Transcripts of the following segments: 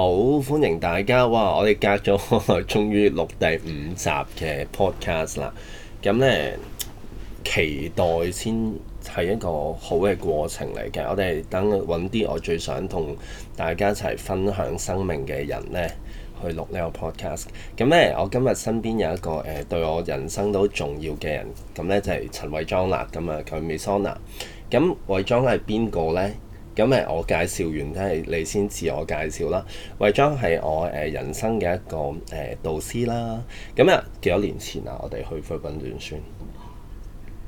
好，歡迎大家！哇，我哋隔咗，終於錄第五集嘅 podcast 啦。咁呢，期待先係一個好嘅過程嚟嘅。我哋等揾啲我最想同大家一齊分享生命嘅人呢去錄呢個 podcast。咁呢，我今日身邊有一個誒、呃、對我人生都重要嘅人，咁呢就係陳偉莊啦。咁啊，佢 Mesona。咁，偉莊係邊個呢？就是咁誒，我介紹完都係你先自我介紹啦。魏莊係我誒、呃、人生嘅一個誒、呃、導師啦。咁啊，幾多年前啊，我哋去菲律賓短宣，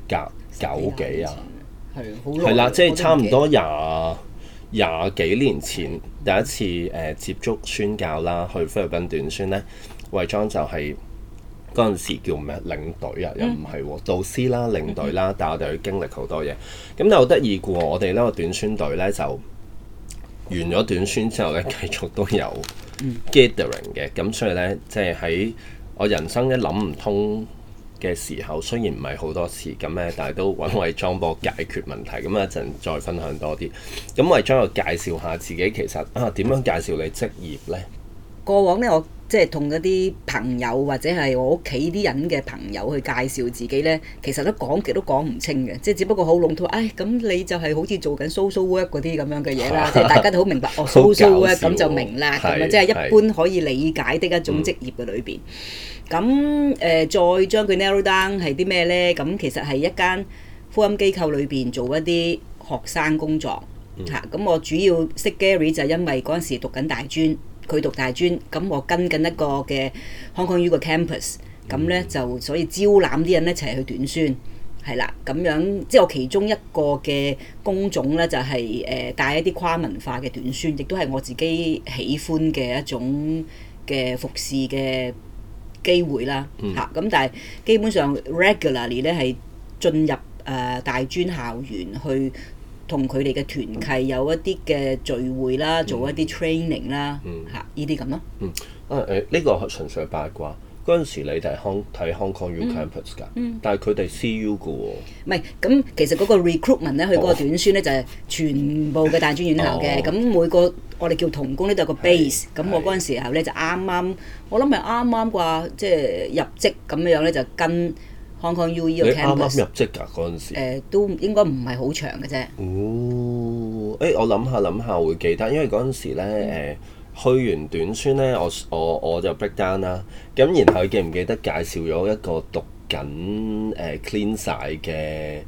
隔九幾啊，係係啦，即係差唔多廿廿幾年前，第一次誒、呃、接觸宣教啦，去菲律賓短宣咧，魏莊就係、是。嗰陣時叫咩領隊啊，又唔係喎，導師啦、啊、領隊啦、啊，但我哋去經歷好多嘢。咁就得意過，我哋呢個短宣隊呢，就完咗短宣之後呢，繼續都有 gathering 嘅。咁所以呢，即係喺我人生一諗唔通嘅時候，雖然唔係好多次咁呢，但係都揾位裝波解決問題。咁一陣再分享多啲。咁我係將我介紹下自己，其實啊點樣介紹你職業呢？過往呢，我。即係同一啲朋友或者係我屋企啲人嘅朋友去介紹自己呢，其實都講極都講唔清嘅，即係只不過好籠統。誒、哎，咁你就係好似做緊 social work 嗰啲咁樣嘅嘢啦， 即係大家都好明白。哦，social work 咁就明啦，咁啊、嗯、即係一般可以理解的一種職業嘅裏邊。咁誒、呃，再將佢 narrow down 係啲咩呢？咁其實係一間福音機構裏邊做一啲學生工作嚇。咁、嗯嗯啊、我主要識 Gary 就係因為嗰陣時讀緊大專。佢讀大專，咁我跟緊一個嘅 Hong Kong U 嘅 campus，咁呢就所以招攬啲人一齊去短宣，係啦，咁樣即係我其中一個嘅工種呢，就係、是、誒、呃、帶一啲跨文化嘅短宣，亦都係我自己喜歡嘅一種嘅服侍嘅機會啦。嚇、嗯，咁、啊、但係基本上 regularly 呢，係進入誒、呃、大專校園去。同佢哋嘅團契有一啲嘅聚會啦，嗯、做一啲 training 啦，嚇呢啲咁咯。啊、這這嗯，啊誒，呢、呃這個純粹八卦。嗰陣時你哋係 Hong 睇 Hong Kong U Campus 噶，嗯、但係佢哋 CU 嘅喎。唔係、嗯，咁、嗯嗯嗯、其實嗰個 recruitment 咧，佢嗰個短宣咧就係、是、全部嘅大專院校嘅。咁、哦哦、每個我哋叫同工呢度有個 base 是。咁我嗰陣時候咧就啱啱，我諗係啱啱啩，即、就、係、是、入職咁樣樣咧就跟。要要，啱啱入職㗎嗰陣時、呃？都應該唔係好長嘅啫。哦，誒我諗下諗下會記得，因為嗰陣時咧，誒、嗯、去完短宣咧，我我我就 break down 啦。咁然後記唔記得介紹咗一個讀緊誒、呃、clean 曬嘅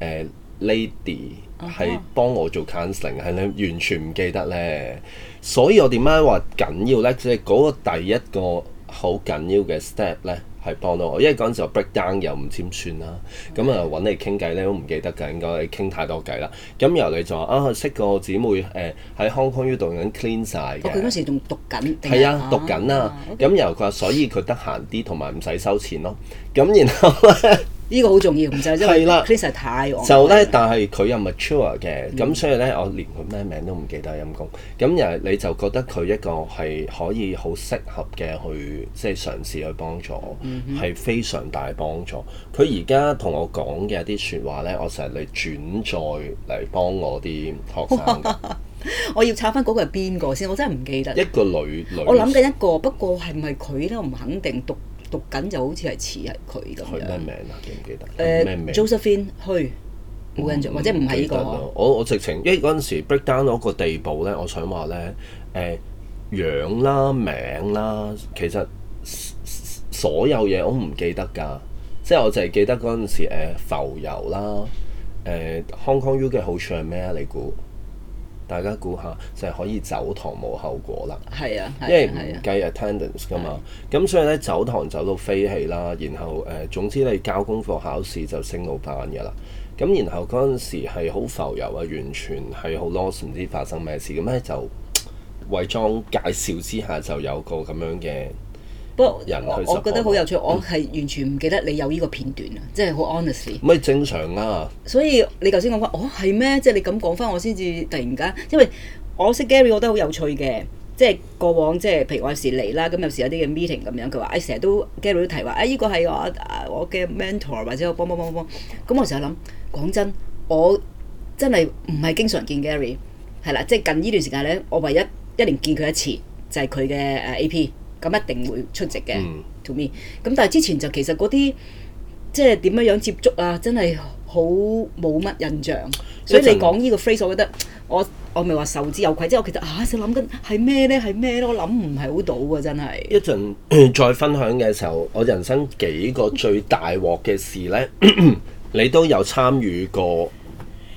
誒 lady 係幫、uh huh. 我做 counseling？係你完全唔記得咧，所以我點解話緊要咧？即係嗰個第一個好緊要嘅 step 咧。係幫到我，因為嗰陣時候 break down 又唔尖酸啦，咁啊揾你傾偈咧都唔記得㗎，應該你傾太多偈啦。咁由你就話啊識個姊妹誒喺、呃、Hong Kong 呢度緊 clean 晒嘅，佢嗰時仲讀緊，係啊讀緊啊。咁、啊啊、由佢話所以佢得閒啲，同埋唔使收錢咯。咁然後咧。 呢個好重要， 啦 就因為 k r i s 太就咧，但係佢又 mature 嘅，咁、嗯、所以咧，我連佢咩名都唔記得陰公，咁又你就覺得佢一個係可以好適合嘅去即係、就是、嘗試去幫助，係、嗯、哼非常大幫助。佢而家同我講嘅一啲説話咧，我成日你轉載嚟幫我啲學生。 我要查返嗰個係邊個先？我真係唔記得一個女，女我諗緊一個，不過係咪佢咧？我唔肯定讀。讀緊就好似係似係佢咁樣。佢咩名啊？記唔記得？誒，Josephine，虛，冇印象，或者唔係呢個。我我直情，因為嗰陣時 breakdown 咗個地步咧，我想話咧，誒、呃、樣啦、名啦，其實所有嘢我唔記得㗎，即係我就係記得嗰陣時、呃、浮游啦，誒、呃、Hong Kong U 嘅好處係咩啊？你估？大家估下就係、是、可以走堂冇後果啦，係啊，啊啊因為唔計 attendance 㗎嘛，咁、啊啊、所以咧走堂走到飛起啦，然後誒、呃、總之你交功課考試就升到班㗎啦，咁然後嗰陣時係好浮遊啊，完全係好 lost 唔知發生咩事咁咧就、呃、偽裝介紹之下就有個咁樣嘅。不，我我覺得好有趣，嗯、我係完全唔記得你有呢個片段啊！即係好 honestly。咪正常啊！所以你頭先講翻，哦，係咩？即係你咁講翻，我先至突然間，因為我識 Gary，我覺得好有趣嘅。即係過往，即係譬如我有時嚟啦，咁有時有啲嘅 meeting 咁樣，佢話：誒，我成日都 Gary 都提話，啊呢個係我我嘅 mentor，或者我幫幫幫幫。咁我成日諗，講真，我真係唔係經常見 Gary，係啦，即係近呢段時間咧，我唯一一年見佢一次，就係佢嘅誒 AP。咁一定會出席嘅 Tommy 咁，但係之前就其實嗰啲，即係點樣樣接觸啊，真係好冇乜印象。所以你講呢個 phrase，我覺得我我咪話受之有愧，即係我其實啊，想諗緊係咩呢？係咩咯，我諗唔係好到啊，真係。一陣再分享嘅時候，我人生幾個最大鑊嘅事呢， 你都有參與過，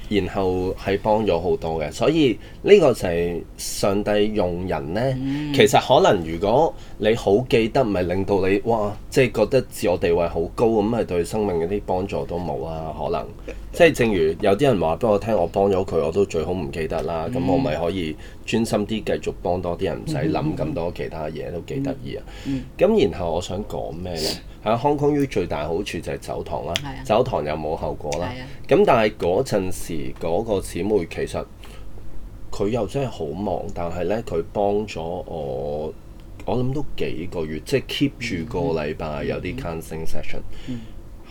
然後係幫咗好多嘅，所以呢個就係上帝用人呢。嗯、其實可能如果。你好記得唔係令到你哇，即係覺得自我地位好高咁，係對生命嗰啲幫助都冇啊。可能即係正如有啲人話，畀我聽我幫咗佢，我都最好唔記得啦。咁、嗯、我咪可以專心啲繼續幫多啲人，唔使諗咁多其他嘢，嗯、都幾得意啊。咁、嗯、然後我想講咩呢？喺 Hong Kong U 最大好處就係走堂啦，啊、走堂又冇後果啦。咁、啊、但係嗰陣時嗰、嗰個姊妹其實佢又真係好忙，但係呢，佢幫咗我。我諗都幾個月，即係 keep 住個禮拜、嗯、有啲 counselling session，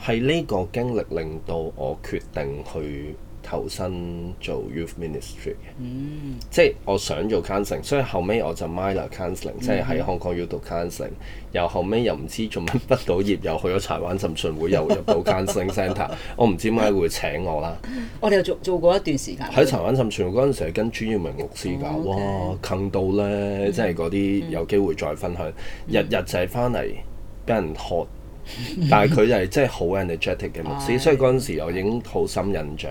係呢、嗯、個經歷令到我決定去。投身做 youth ministry 嘅、嗯，即係我想做 counseling，所以後尾我就 minor counselling，即係喺香港要讀 counseling，又後尾又唔知做乜畢到業 又去咗柴灣浸信會，又會入到 counseling center，我唔知點解會請我啦。我哋又做做過一段時間喺柴灣浸信會嗰陣時，跟朱耀明牧師搞，哦 okay。哇，坑到咧！嗯、即係嗰啲有機會再分享，日日就係翻嚟俾人學。但係佢就係真係好 energetic 嘅牧師，哎、所以嗰陣時我已經好深印象。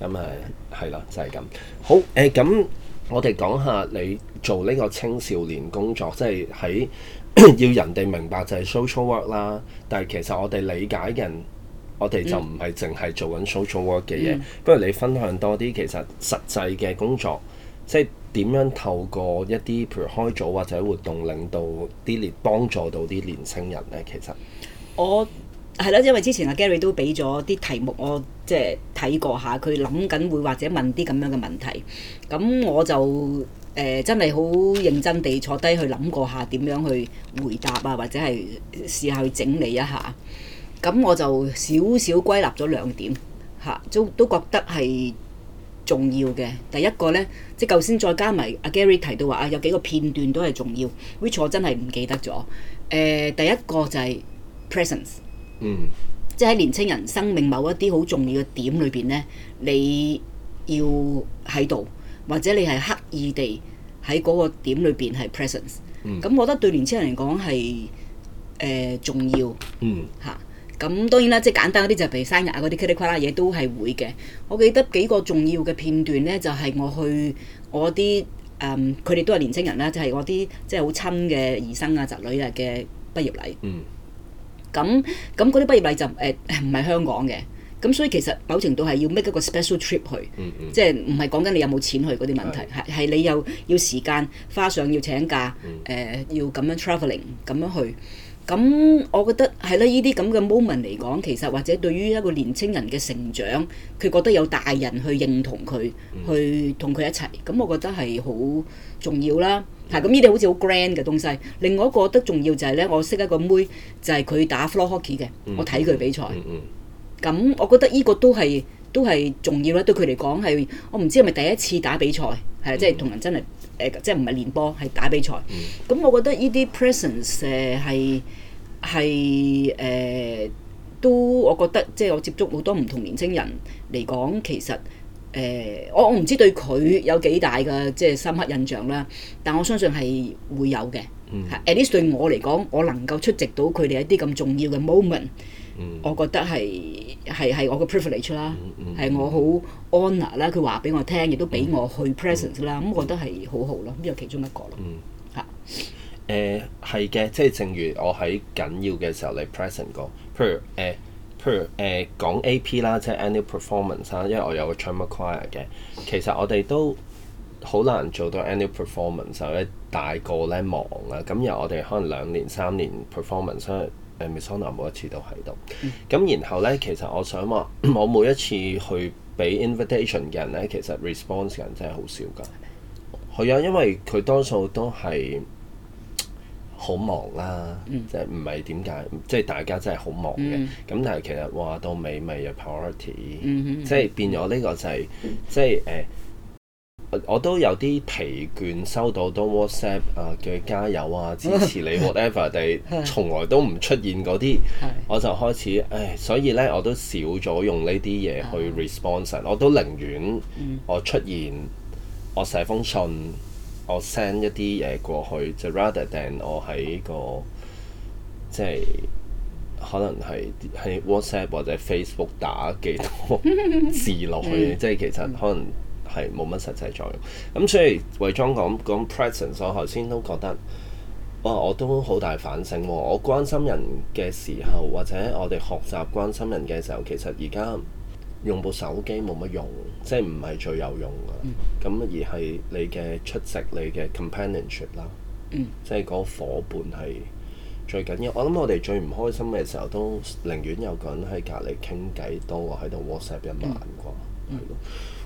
咁係係啦，就係、是、咁好。誒、呃，咁我哋講下你做呢個青少年工作，即係喺要人哋明白就係 social work 啦。但係其實我哋理解嘅人，我哋就唔係淨係做緊 social work 嘅嘢。嗯、不如你分享多啲，其實實際嘅工作，即係點樣透過一啲譬如開組或者活動，令到啲，幫助到啲年輕人咧。其實。我係啦，因為之前阿 Gary 都俾咗啲題目，我即係睇過下，佢諗緊會或者問啲咁樣嘅問題。咁我就誒、呃、真係好認真地坐低去諗過下點樣去回答啊，或者係試下去整理一下。咁我就少少歸納咗兩點吓，都都覺得係重要嘅。第一個呢，即係先再加埋阿 Gary 提到話啊，有幾個片段都係重要，which 我真係唔記得咗。誒，第一個就係、是。presence，嗯，即係喺年青人生命某一啲好重要嘅點裏邊咧，你要喺度，或者你係刻意地喺嗰個點裏邊係 presence。嗯，咁我覺得對年青人嚟講係誒重要。嗯，吓、啊，咁當然啦，即係簡單啲就譬如生日啊嗰啲，嘰里呱啦嘢都係會嘅。我記得幾個重要嘅片段咧，就係我去我啲誒，佢哋都係年青人啦，就係我啲即係好親嘅兒生啊侄女啊嘅畢業禮。嗯。咁咁嗰啲畢業禮就誒唔係香港嘅，咁所以其實某程度係要 make 一個 special trip 去，mm hmm. 即係唔係講緊你有冇錢去嗰啲問題，係係、mm hmm. 你又要時間花上要請假，誒、呃、要咁樣 travelling 咁樣去。咁我覺得係啦，呢啲咁嘅 moment 嚟講，其實或者對於一個年青人嘅成長，佢覺得有大人去認同佢，mm hmm. 去同佢一齊，咁我覺得係好重要啦。係，咁呢啲好似好 grand 嘅東西。另外一個我覺得重要就係咧，我識一個妹，就係佢打 floor hockey 嘅。我睇佢比賽。咁我覺得呢個都係都係重要啦。對佢嚟講係，我唔知係咪第一次打比賽，係即係同人真係誒、呃，即係唔係練波，係打比賽。咁、嗯嗯嗯、我覺得呢啲 presence 誒、呃、係係誒、呃、都，我覺得即係我接觸好多唔同年青人嚟講，其實。誒、呃，我我唔知對佢有幾大嘅即係深刻印象啦，但我相信係會有嘅、嗯。At least 對我嚟講，我能夠出席到佢哋一啲咁重要嘅 moment、嗯、我覺得係係係我嘅 privilege 啦，係、嗯嗯、我好 honour 啦。佢話俾我聽，亦都俾我去 present 啦，咁、嗯嗯嗯、我覺得係好好咯。呢個其中一個咯嚇。誒係嘅，即係正如我喺緊要嘅時候你 present 過，譬如誒。呃譬如誒、呃、講 A.P. 啦，即係 annual performance 啦，因為我有個 chamber choir 嘅，其實我哋都好難做到 annual performance，就大個咧忙啦、啊，咁、嗯、又我哋可能兩年三年 performance，所以 Mesona 每一次都喺度。咁、嗯、然後咧，其實我想話，我每一次去俾 invitation 嘅人咧，其實 response 人真係好少㗎。係、嗯、啊，嗯、因為佢多數都係。好忙啦，嗯、即係唔係點解？即係大家真係好忙嘅。咁、嗯、但係其實話到尾咪 priority，嗯、哼即係變咗呢個就係、是，嗯、即係誒、呃。我都有啲疲倦，收到多 WhatsApp 啊嘅加油啊支持你 whatever 哋，從來都唔出現嗰啲， 我就開始誒，所以咧我都少咗用呢啲嘢去 respond、嗯。我都寧願、嗯、我出現，我寫封信。我 send 一啲嘢過去，就 rather than 我喺個即係可能係喺 WhatsApp 或者 Facebook 打幾多字落去， 即係其實可能係冇乜實際作用。咁所以魏莊講講 presence，我頭先都覺得，哇！我都好大反省喎、哦。我關心人嘅時候，或者我哋學習關心人嘅時候，其實而家，用部手機冇乜用，即係唔係最有用噶，咁、嗯、而係你嘅出席你嘅 companionship 啦、嗯，即係嗰夥伴係最緊要。我諗我哋最唔開心嘅時候，都寧願有個人喺隔離傾偈，多過喺度 WhatsApp 一晚啩，係咯。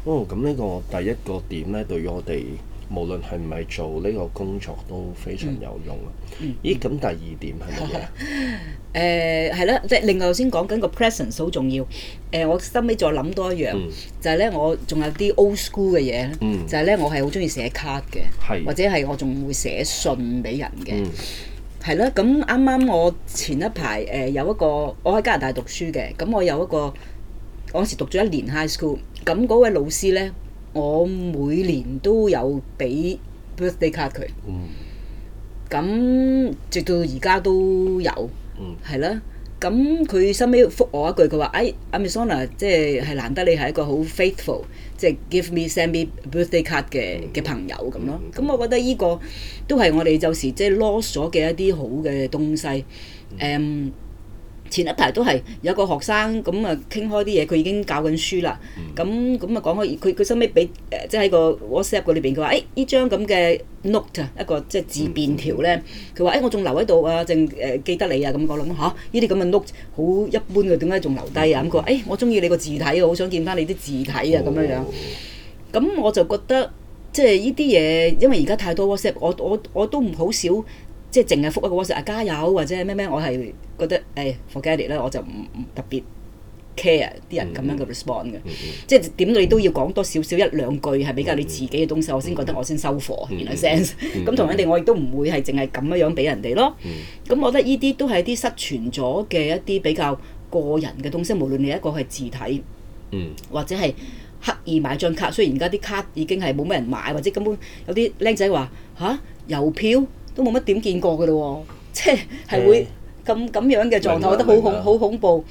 哦，咁呢個第一個點呢，對於我哋無論係咪做呢個工作都非常有用啊。嗯嗯、咦，咁第二點係乜嘢？ 誒係啦，即係、呃、另外先講緊個 presence 好重要。誒、呃，我收尾再諗多一樣，嗯、就係咧，我仲有啲 old school 嘅嘢，嗯、就係咧，我係好中意寫卡嘅，的或者係我仲會寫信俾人嘅，係啦、嗯。咁啱啱我前一排誒、呃、有一個，我喺加拿大讀書嘅，咁我有一個，我時讀咗一年 high school，咁嗰位老師咧，我每年都有俾 birthday card 佢，咁、嗯嗯、直到而家都有。嗯，係啦、mm，咁佢收尾覆我一句，佢話：，哎，Mesona 啊，即係難得你係一個好 faithful，即係 give me send me birthday card 嘅嘅朋友咁、mm hmm. 咯。咁、嗯、我覺得呢、這個都係我哋有時即係囉嗦嘅一啲好嘅東西，誒、mm。Hmm. Um, 前一排都係有個學生咁啊傾開啲嘢，佢已經搞緊書啦。咁咁啊講開，佢佢收尾俾誒，即係喺個 WhatsApp 個裏邊，佢、呃、話：誒呢張咁嘅 note 啊，一個即係、欸就是、字便條咧。佢話、嗯：誒、欸、我仲留喺度啊，正誒、呃、記得你啊咁講咯嚇。呢啲咁嘅 note 好一般嘅，點解仲留低啊？咁佢話：誒、嗯欸、我中意你個字體，我好想見翻你啲字體啊咁樣樣。咁、哦哦、我就覺得即係呢啲嘢，因為而家太多 WhatsApp，我我我，我都唔好少。即係淨係覆一個 WhatsApp 啊！加油或者咩咩，我係覺得誒 forget it 咧，我就唔唔特別 care 啲人咁樣嘅 response 嘅。即係點你都要講多少少一兩句係比較你自己嘅東西，我先覺得我先收貨，原來 sense 咁同人哋我亦都唔會係淨係咁樣樣俾人哋咯。咁我覺得呢啲都係啲失傳咗嘅一啲比較個人嘅東西，無論你一個係字體，嗯，或者係刻意買張卡，雖然而家啲卡已經係冇咩人買，或者根本有啲僆仔話吓，郵票？都冇乜點見過嘅咯喎，即係係會咁咁樣嘅狀態，我覺得好恐好恐怖。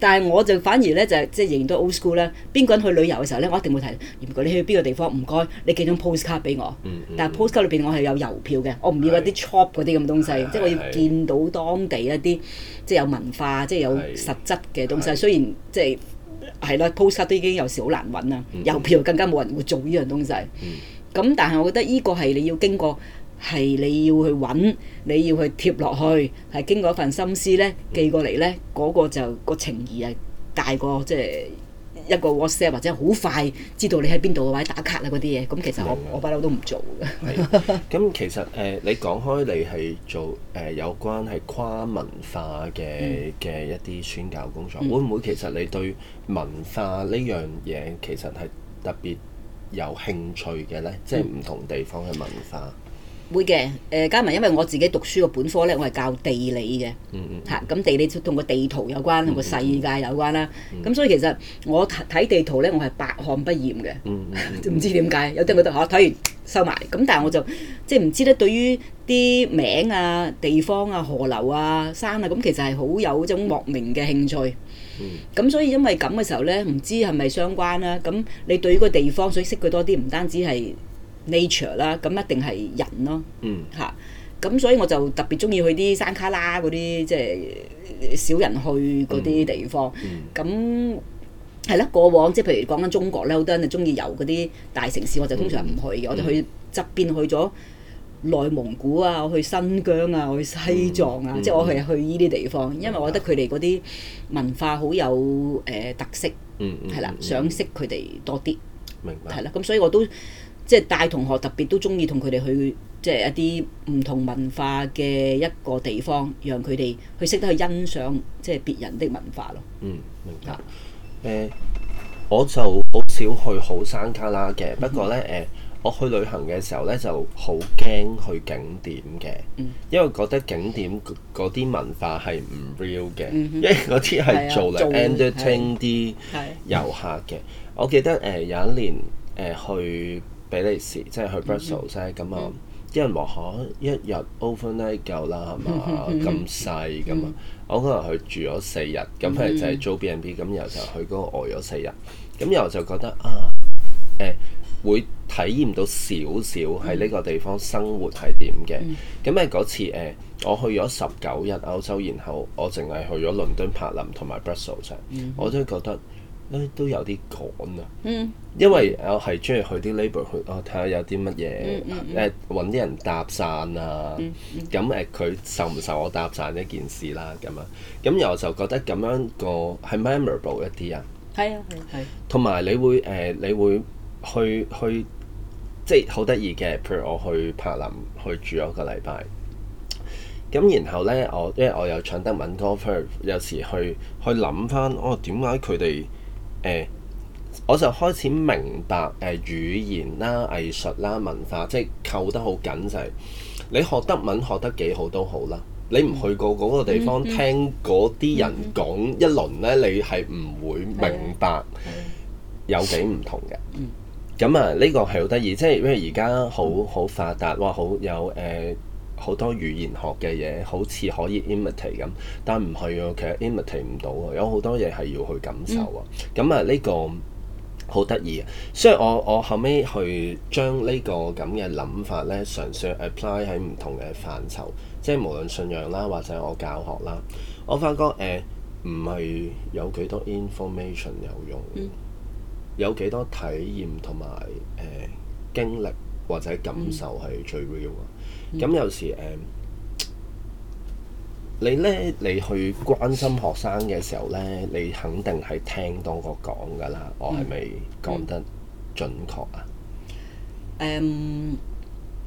但係我就反而咧就係即係仍然都 old school 咧。邊個人去旅遊嘅時候咧，我一定會提，如果你去邊個地方，唔該你寄張 postcard 俾我。但係 postcard 裏邊我係有郵票嘅，我唔要一啲 shop 嗰啲咁嘅東西，即係我要見到當地一啲即係有文化、即係有實質嘅東西。雖然即係係咯，postcard 都已經有時好難揾啦，郵票更加冇人會做呢樣東西。咁但係我覺得呢個係你要經過。係你要去揾，你要去貼落去，係經過一份心思咧寄過嚟咧，嗰、嗯、個就、那個情義係大過即係、就是、一個 WhatsApp 或者好快知道你喺邊度或者打卡啊嗰啲嘢。咁其實我我，我不嬲都唔做嘅。咁其實誒、呃，你講開你係做誒、呃、有關係跨文化嘅嘅、嗯、一啲宣教工作，嗯、會唔會其實你對文化呢樣嘢其實係特別有興趣嘅咧？嗯、即係唔同地方嘅文化。會嘅，誒、呃、加埋，因為我自己讀書個本科咧，我係教地理嘅，嚇咁地理同個地圖有關，同個、嗯嗯、世界有關啦。咁、嗯嗯、所以其實我睇睇地圖咧，我係百、嗯嗯、看不厭嘅，唔知點解有啲冇得嚇睇完收埋。咁但係我就即係唔知咧，對於啲名啊、地方啊、河流啊、山啊，咁其實係好有種莫名嘅興趣。咁、嗯嗯、所以因為咁嘅時候咧，唔知係咪相關啦？咁你對個地方所以識佢多啲，唔單止係。nature 啦，咁一定係人咯，嚇咁、嗯啊、所以我就特別中意去啲山卡拉嗰啲，即係少人去嗰啲地方。咁係啦，過往即係譬如講緊中國咧，好多人都中意遊嗰啲大城市，我就通常唔去嘅。我哋去側邊去咗內蒙古啊，我去新疆啊，我去西藏啊，嗯、即係我係去呢啲地方，因為我覺得佢哋嗰啲文化好有誒、呃、特色，係啦、嗯，想識佢哋多啲，明白，係啦，咁所以我都。即係帶同學特別都中意同佢哋去，即、就、係、是、一啲唔同文化嘅一個地方，讓佢哋去識得去欣賞即係、就是、別人的文化咯。嗯，明白。誒、呃，我就好少去好山卡拉嘅，不過咧誒、呃，我去旅行嘅時候咧就好驚去景點嘅，嗯、因為覺得景點嗰啲文化係唔 real 嘅，嗯、哼因為嗰啲係做嚟的 entertain 啲遊客嘅。是的 我記得誒、呃、有一年誒、呃呃、去。去比利時即係去 Brus、mm hmm. sels 啫，咁啊啲人話嚇一日 overnight 夠啦，係、mm hmm. 嘛咁細咁啊，mm hmm. 我可能去住咗四日，咁係就係租 B and B，咁然後就去嗰個呆、呃、咗四日，咁然後就覺得啊，誒、呃、會體驗到少少喺呢個地方生活係點嘅，咁誒嗰次誒、呃、我去咗十九日歐洲，然後我淨係去咗倫敦、柏林同埋 Brussels 啫，hmm. 我都覺得。都有啲趕啊，嗯、因為我係中意去啲 labor 去，我睇下有啲乜嘢，誒揾啲人搭訕啊，咁誒佢受唔受我搭訕呢件事啦，咁啊，咁我就覺得咁樣個係 memorable 一啲啊，係啊係，同埋你會誒、呃、你會去去，即係好得意嘅，譬如我去柏林去住咗個禮拜，咁然後咧我因為我有唱德文歌，所以有時去去諗翻，哦、啊，點解佢哋。誒、欸，我就開始明白誒、呃、語言啦、藝術啦、文化，即係扣得好緊，就係、是、你學德文學得幾好都好啦，你唔去過嗰個地方、嗯、哼聽嗰啲人講一輪咧，你係唔會明白有幾唔同嘅。咁、嗯、哼啊，呢、這個係好得意，即係因為而家好好發達，哇，好有誒。呃好多語言學嘅嘢好似可以 imitate 咁，但唔係啊，其實 imitate 唔到啊，有好多嘢係要去感受啊。咁啊、嗯，呢個好得意啊。所以我我後尾去將這個這呢個咁嘅諗法咧，嘗試 apply 喺唔同嘅範疇，即係無論信仰啦，或者我教學啦，我發覺誒唔係有幾多 information 有用，嗯、有幾多體驗同埋誒經歷或者感受係最 real 啊！嗯嗯咁有時誒，uh, 你咧你去關心學生嘅時候咧，你肯定係聽多過講噶啦，我係咪講得準確啊？誒、嗯嗯，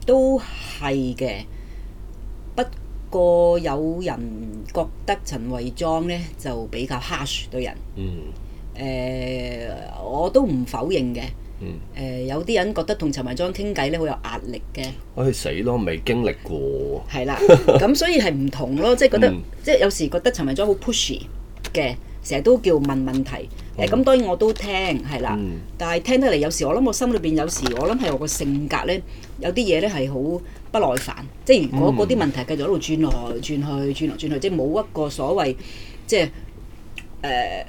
都係嘅。不過有人覺得陳慧莊咧就比較 harsh 對人。嗯。誒，uh, 我都唔否認嘅。嗯，誒有啲人覺得同陳文莊傾偈咧好有壓力嘅，我去死咯，未經歷過。係啦，咁所以係唔同咯，即係覺得，即係有時覺得陳文莊好 pushy 嘅，成日都叫問問題。誒咁當然我都聽係啦，但係聽得嚟有時我諗我心裏邊有時我諗係我個性格咧，有啲嘢咧係好不耐煩，即係如果嗰啲問題繼續喺度轉來轉去轉來轉去，即係冇一個所謂即係誒。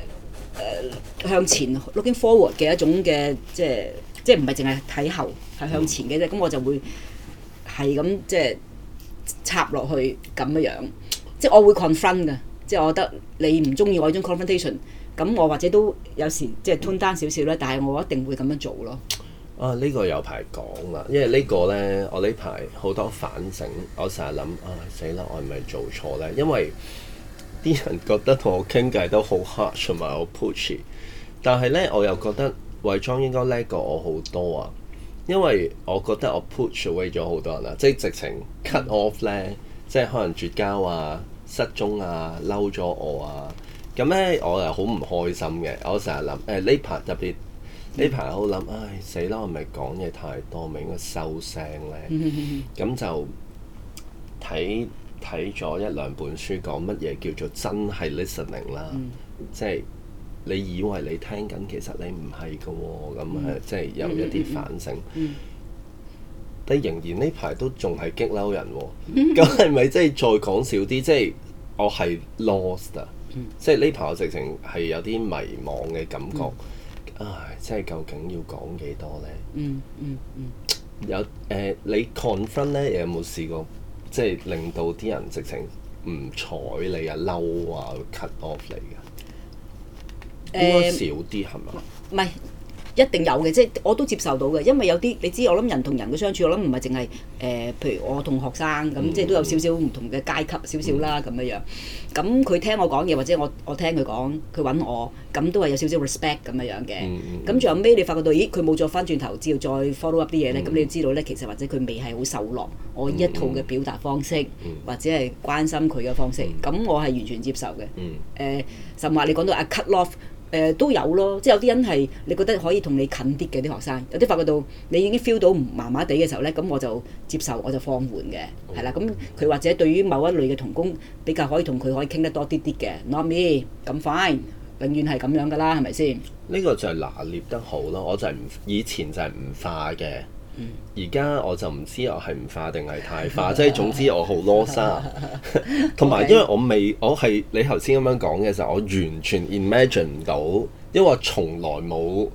誒向前 looking forward 嘅一種嘅即係即係唔係淨係睇後係向前嘅啫，咁、嗯、我就會係咁即係插落去咁樣樣，即係我會 confirm 嘅，即係我覺得你唔中意我依種 confrontation，咁我或者都有時、嗯、即係 tune down 少少啦，但係我一定會咁樣做咯。啊，呢、這個有排講啦，因為個呢個咧，我呢排好多反省，我成日諗啊死啦，我係咪做錯咧？因為啲人覺得同我傾偈都好 harsh 同埋好 pushy 但係呢，我又覺得魏莊應該叻過我好多啊，因為我覺得我 push away 咗好多人啊，即係直情 cut off 呢，嗯、即係可能絕交啊、失蹤啊、嬲咗我啊，咁呢，我又好唔開心嘅。我成日諗誒呢排特別呢排我諗，唉死啦，我咪講嘢太多，咪應該收聲呢。嗯」咁就睇。睇咗一兩本書，講乜嘢叫做真係 listening 啦、嗯，即係你以為你聽緊，其實你唔係嘅喎，咁係即係有一啲反省。嗯嗯嗯嗯、但仍然呢排都仲係激嬲人、哦，咁係咪即係再講少啲？即、就、係、是、我係 lost 啊，嗯、即係呢排我直情係有啲迷惘嘅感覺。嗯、唉，即、就、係、是、究竟要講幾多咧？嗯嗯嗯嗯、有誒、呃，你 confirm 咧，有冇試過？即係令到啲人直情唔睬你啊，嬲啊會 cut off 你嘅，應該少啲，係咪？Uh, 唔係。一定有嘅，即係我都接受到嘅，因為有啲你知，我諗人同人嘅相處，我諗唔係淨係誒，譬如我同學生咁，即係都有少少唔同嘅階級少少啦咁樣樣。咁佢聽我講嘢，或者我我聽佢講，佢揾我，咁都係有少少 respect 咁樣樣嘅。咁最後尾你發覺到，咦佢冇再翻轉頭，只要再 follow up 啲嘢咧，咁你要知道咧，其實或者佢未係好受落我呢一套嘅表達方式，或者係關心佢嘅方式，咁我係完全接受嘅。誒，甚話你講到阿 cut off。誒、呃、都有咯，即係有啲人係你覺得可以同你近啲嘅啲學生，有啲發覺到你已經 feel 到唔麻麻地嘅時候呢，咁我就接受，我就放緩嘅，係啦、嗯。咁佢或者對於某一類嘅同工比較可以同佢可以傾得多啲啲嘅，Not me，咁 fine，永遠係咁樣噶啦，係咪先？呢個就係拿捏得好咯，我就係唔以前就係唔化嘅。而家，嗯、我就唔知我係唔化定係太化，啊、即係總之我好囉嗦，同埋、啊、 因為我未我係你頭先咁樣講嘅時候，我完全 imagine 唔到，因為從來冇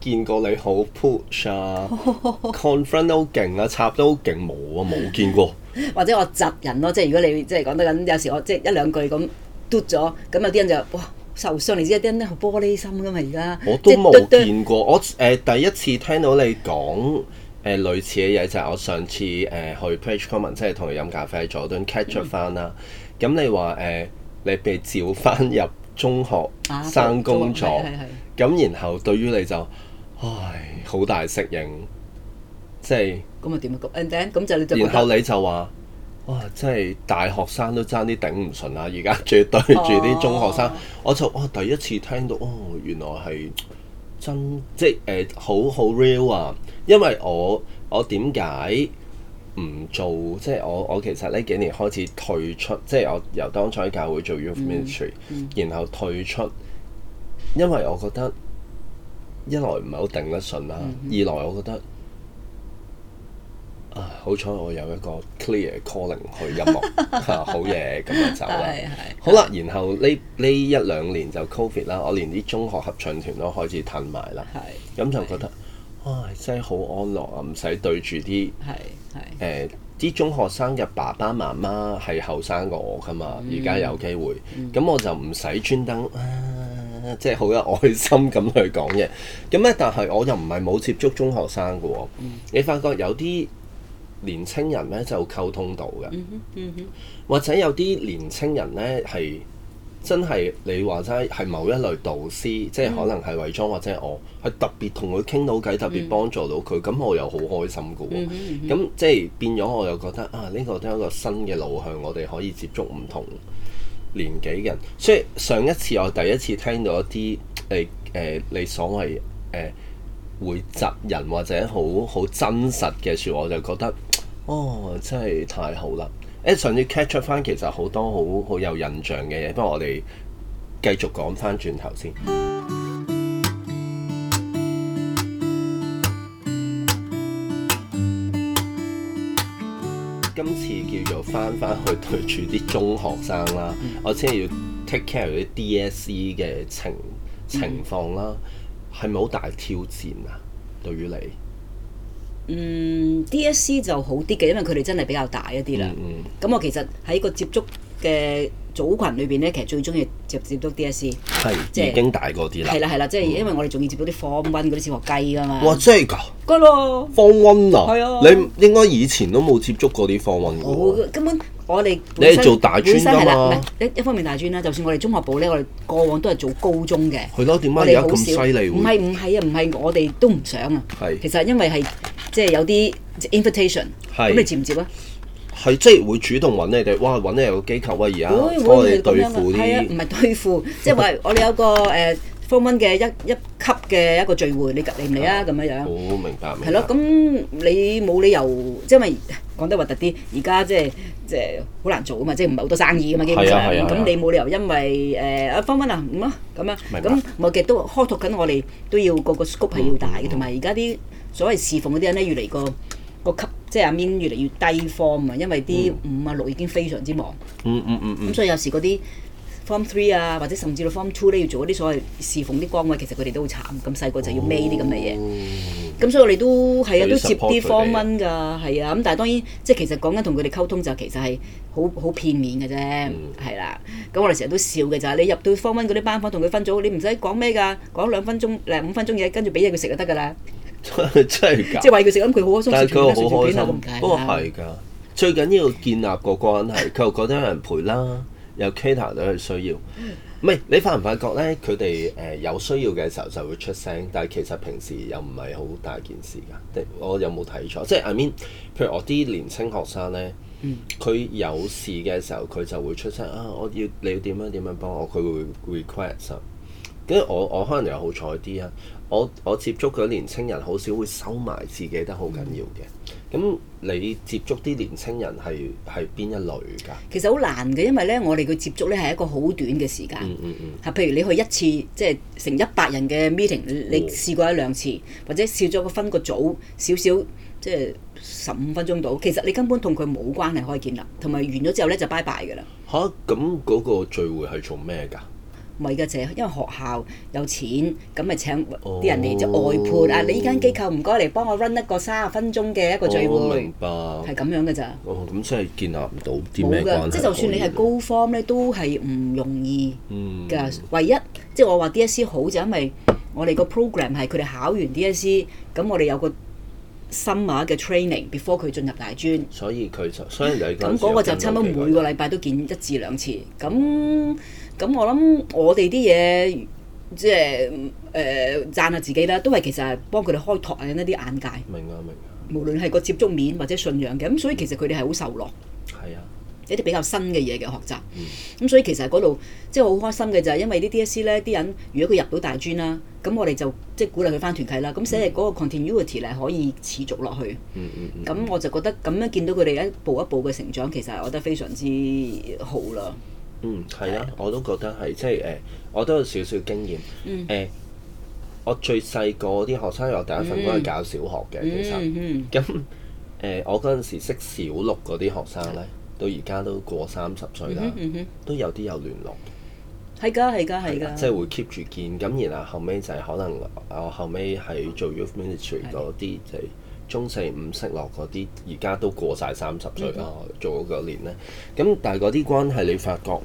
見過你好 push 啊，confront 好勁啦，插得好勁冇啊，冇見過，或者我窒人咯、啊，即係如果你即係講得緊，有時我即係一兩句咁嘟咗，咁有啲人就哇受傷，你知有啲人好玻璃心噶、啊、嘛，而家我都冇見過，對對對我誒、呃、第一次聽到你講。誒、呃、類似嘅嘢就係、是、我上次誒、呃、去 Page Common 即係同佢飲咖啡喺佐敦 catch 咗翻啦。咁、啊、你話誒、呃、你被召翻入中學生工作，咁、啊、然後對於你就唉好大適應，即係咁啊點啊 And then 咁就你就然後你就話哇、啊！即係大學生都爭啲頂唔順啦。而家對對住啲中學生，啊、我就我、啊、第一次聽到哦，原來係。真即係好好 real 啊！因為我我點解唔做？即係我我其實呢幾年開始退出，即係我由當初喺教會做 youth ministry，、嗯嗯、然後退出，因為我覺得一來唔係好頂得順啦，嗯嗯、二來我覺得。啊！好彩我有一個 clear calling 去音樂、 啊，好嘢咁就走啦。 對好啦，對然後呢呢一兩年就 COVID 啦，我連啲中學合唱團都開始褪埋啦。係咁、嗯、就覺得，唉，真係好安樂啊，唔使對住啲係係啲中學生嘅爸爸媽媽係後生過我噶嘛，而家有機會，咁、嗯、我就唔使專登啊，即係好有愛心咁去講嘢。咁咧，但係我又唔係冇接觸中學生噶，你發覺有啲。年青人咧就溝通到嘅，mm hmm, mm hmm. 或者有啲年青人呢係真係你話齋係某一類導師，mm hmm. 即係可能係偽裝或者我，係特別同佢傾到偈，特別幫助到佢，咁、mm hmm. 我又好開心嘅喎。咁、mm hmm, mm hmm. 即係變咗，我又覺得啊，呢、呢個都係一個新嘅路向，我哋可以接觸唔同年紀人。所以上一次我第一次聽到一啲誒誒，你所謂誒、呃、會窒人或者好好真實嘅説我就覺得。哦，真係太好啦！誒、欸，上次 catch up 翻，其實好多好好有印象嘅嘢。不過我哋繼續講翻轉頭先。 今次叫做翻翻去對住啲中學生啦， 我真係要 take care 啲 DSE 嘅情情況啦，係咪好大挑戰啊？對於你？嗯，DSC 就好啲嘅，因為佢哋真係比較大一啲啦。咁、嗯嗯、我其實喺個接觸嘅組群裏邊咧，其實最中意接接觸 DSC，係即係已經大嗰啲啦。係啦係啦，即係、嗯、因為我哋仲要接觸啲 form one 嗰啲小學雞㗎嘛。哇，真係㗎！form one 啊，啊啊你應該以前都冇接觸過啲 form one 㗎喎。哦根本我哋本身本身做大專係啦，一一方面大專啦，就算我哋中學部咧，我哋過往都係做高中嘅。係咯，點解而家咁犀利？唔係唔係啊，唔係我哋都唔想啊。係，其實因為係即係有啲 invitation，咁你接唔接啊？係即係會主動揾你哋，哇！揾你哋個機構啊，而家幫你對付啲，唔係對付，即係話我哋有個誒。方文嘅一一級嘅一個聚會，你嚟唔嚟啊？咁樣樣。好、oh, 明白。係咯，咁你冇理由，即係咪講得核突啲？而家即係即係好難做啊嘛，即係唔係好多生意啊嘛，基本上。咁你冇理由因為誒阿方文啊咁啊咁、嗯啊、樣。明白。咁、嗯啊、我亦都開拓緊，我哋都要、那個個 scope 係要大嘅，同埋而家啲所謂侍奉嗰啲人咧，越嚟個個級即係阿 Min 越嚟越低 form 啊，因為啲五啊六已經非常之忙。咁所以有時嗰啲。嗯 Form three 啊，或者甚至到 Form two 咧，要做啲所謂侍奉啲光位，其實佢哋都好慘。咁細個就要孭啲咁嘅嘢，咁、哦、所以我哋都係啊，都接啲 Form one 噶，係啊。咁、嗯、但係當然，即係其實講緊同佢哋溝通，就其實係好好片面嘅啫，係啦、嗯。咁、啊、我哋成日都笑嘅就係你入到 Form one 嗰啲班房，同佢分組，你唔使講咩噶，講兩分鐘，嗱五分鐘嘢，跟住俾嘢佢食就得噶啦。 真係假？即係餵佢食咁，佢好開心。但係佢好開心，不，不過係㗎，最緊要建立個關係，佢又 覺得有人陪啦。 有 Kater a 佢需要，唔係你發唔發覺咧？佢哋誒有需要嘅時候就會出聲，但係其實平時又唔係好大件事㗎。我有冇睇錯？即係 I mean，譬如我啲年青學生咧，佢、嗯、有事嘅時候佢就會出聲啊！我要你要點樣點樣幫我，佢會 r e q u e s t 跟住我，我可能又好彩啲啊！我我接觸嗰年青人，好少會收埋自己得好緊要嘅。咁你接觸啲年青人係係邊一類㗎？其實好難嘅，因為咧，我哋嘅接觸咧係一個好短嘅時間。嗯嗯嗯。係、嗯，嗯、譬如你去一次，即係成一百人嘅 meeting，你，你試過一兩次，或者試咗個分個組少少，即係十五分鐘到。其實你根本同佢冇關係可以建立，同埋完咗之後咧就拜拜 e 㗎啦。吓、啊？咁嗰個聚會係做咩㗎？咪噶啫，因為學校有錢，咁咪請啲人哋、oh, 就外判啊！你依間機構唔該嚟幫我 run 一個三十分鐘嘅一個聚會，明白，係咁、oh, 樣噶咋。哦，咁所以建立唔到啲咩關係。即係就算你係高方咧，都係唔容易噶。嗯、唯一即係我話 D S C 好就因為我哋個 program 係佢哋考完 D S C，咁我哋有個 summer 嘅 training before 佢進入大專。所以佢就所以你咁嗰個就差唔多每個禮拜都見一至兩次咁。咁、嗯、我諗我哋啲嘢，即係誒讚下自己啦，都係其實係幫佢哋開拓緊一啲眼界。明啊，明啊！無論係個接觸面或者信仰嘅，咁、嗯、所以其實佢哋係好受落。係啊，一啲比較新嘅嘢嘅學習。咁、嗯嗯嗯、所以其實嗰度即係好開心嘅就係、是、因為啲 DSE 咧，啲人如果佢入到大專啦，咁我哋就即係、就是、鼓勵佢返團契啦。咁所以嗰個 continuity 咧係可以持續落去。嗯咁、嗯嗯嗯、我就覺得咁樣見到佢哋一步一步嘅成長，其實我覺得非常之好啦。嗯，係啊，我都覺得係，即係誒、呃，我都有少少經驗，誒、嗯欸，我最細個啲學生，我第一份工係教小學嘅，嗯、其實，咁誒，我嗰陣時識小六嗰啲學生咧，到而家都過三十歲啦，都有啲有聯絡，係噶、嗯嗯嗯嗯，係噶、啊，係噶、啊啊啊啊啊，即係會 keep 住見，咁然後後尾就係可能我後尾喺做咗 Youth Ministry 啲就係。中四五色落嗰啲，而家都過晒三十歲啊！Okay. 做咗九年咧，咁但係嗰啲關係，你發覺，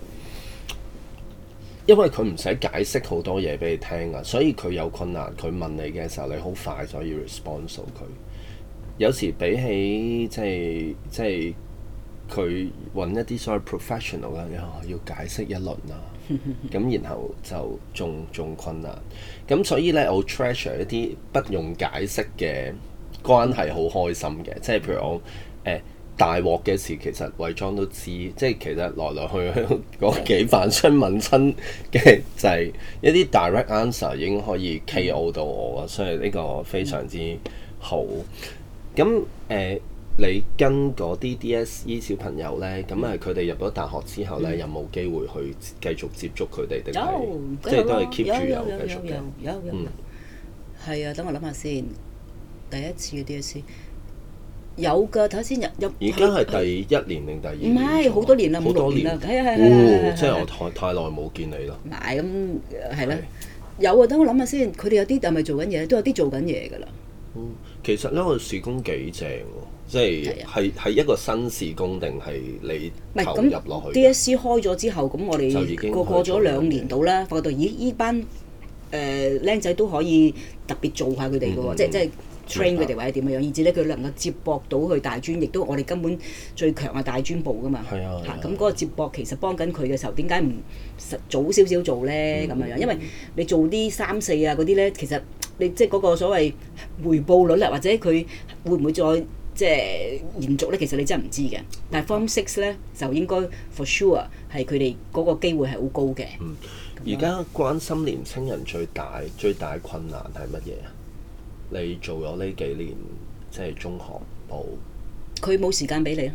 因為佢唔使解釋好多嘢俾你聽啊，所以佢有困難，佢問你嘅時候，你好快就可以 respond 到佢。有時比起即係即係，佢揾一啲所謂 professional 嘅嘢、啊，要解釋一輪啊，咁 然後就仲仲困難。咁所以咧，我 treasure 一啲不用解釋嘅。關係好開心嘅，即係譬如我誒大鑊嘅事，其實魏莊都知，即係其實來來去去嗰幾版想問親嘅就係一啲 direct answer 已經可以 KO 到我，所以呢個非常之好。咁誒，你跟嗰啲 DSE 小朋友咧，咁啊佢哋入咗大學之後咧，有冇機會去繼續接觸佢哋定係？有，即係都係 keep 住有繼續有有有，嗯，係啊，等我諗下先。第一次嘅 D S C 有㗎，頭先入入。已經係第一年定第二年？唔係好多年啦，五六年啦。係係係係。哦哎、呀即係我太太耐冇見你啦。唔係咁係啦，有啊，等我諗下先。佢哋有啲係咪做緊嘢，都有啲做緊嘢㗎啦。其實呢個事工幾正喎，即係係係一個新事工定係你投入落去 D S C 開咗之後，咁我哋過過咗兩年到啦，發覺到咦，依班誒僆仔都可以特別做下佢哋嘅喎，即即係。嗯嗯嗯 train 佢哋或者點樣，以至咧佢能夠接駁到去大專，亦都我哋根本最強嘅大專部噶嘛。係啊，嚇，咁嗰個接駁其實幫緊佢嘅時候，點解唔早少少做咧？咁、嗯、樣，因為你做啲三四啊嗰啲咧，其實你即係嗰個所謂回報率啊，或者佢會唔會再即係延續咧？其實你真係唔知嘅。但係 Form Six 咧，就應該 for sure 係佢哋嗰個機會係好高嘅。而家、嗯、樣關心年青人最大最大困難係乜嘢？你做咗呢幾年，即係中學部，佢冇時間俾你啊！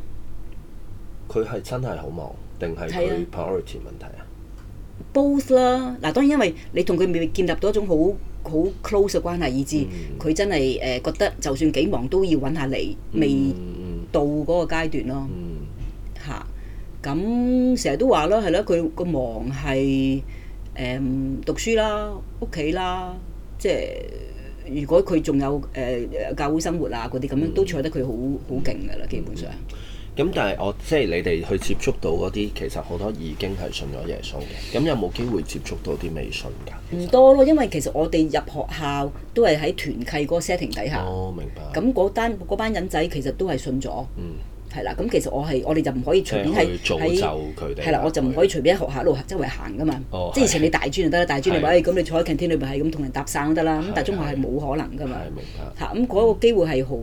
佢係真係好忙，定係佢 priority 問題啊？Both 啦，嗱、啊，當然因為你同佢未建立到一種好好 close 嘅關係以，以至佢真係誒、呃、覺得就算幾忙都要揾下你，未到嗰個階段咯，嚇、嗯！咁成日都話啦，係啦，佢個忙係誒、嗯、讀書啦、屋企啦，即係。如果佢仲有誒、呃、教會生活啊嗰啲咁樣，嗯、都坐得佢好好勁嘅啦，嗯、基本上。咁、嗯嗯、但係我即係你哋去接觸到嗰啲，其實好多已經係信咗耶穌嘅。咁有冇機會接觸到啲未信㗎？唔多咯，因為其實我哋入學校都係喺團契嗰 setting 底下。哦，明白。咁嗰嗰班人仔其實都係信咗。嗯。係啦，咁其實我係我哋就唔可以隨便係，係啦，我就唔可以隨便喺學校路周圍行噶嘛。哦，即係以前你大專就得啦，大專你話誒咁你坐喺 canteen 裏邊係咁同人搭訕都得啦。咁但係中學係冇可能噶嘛。係，嚇咁嗰個機會係好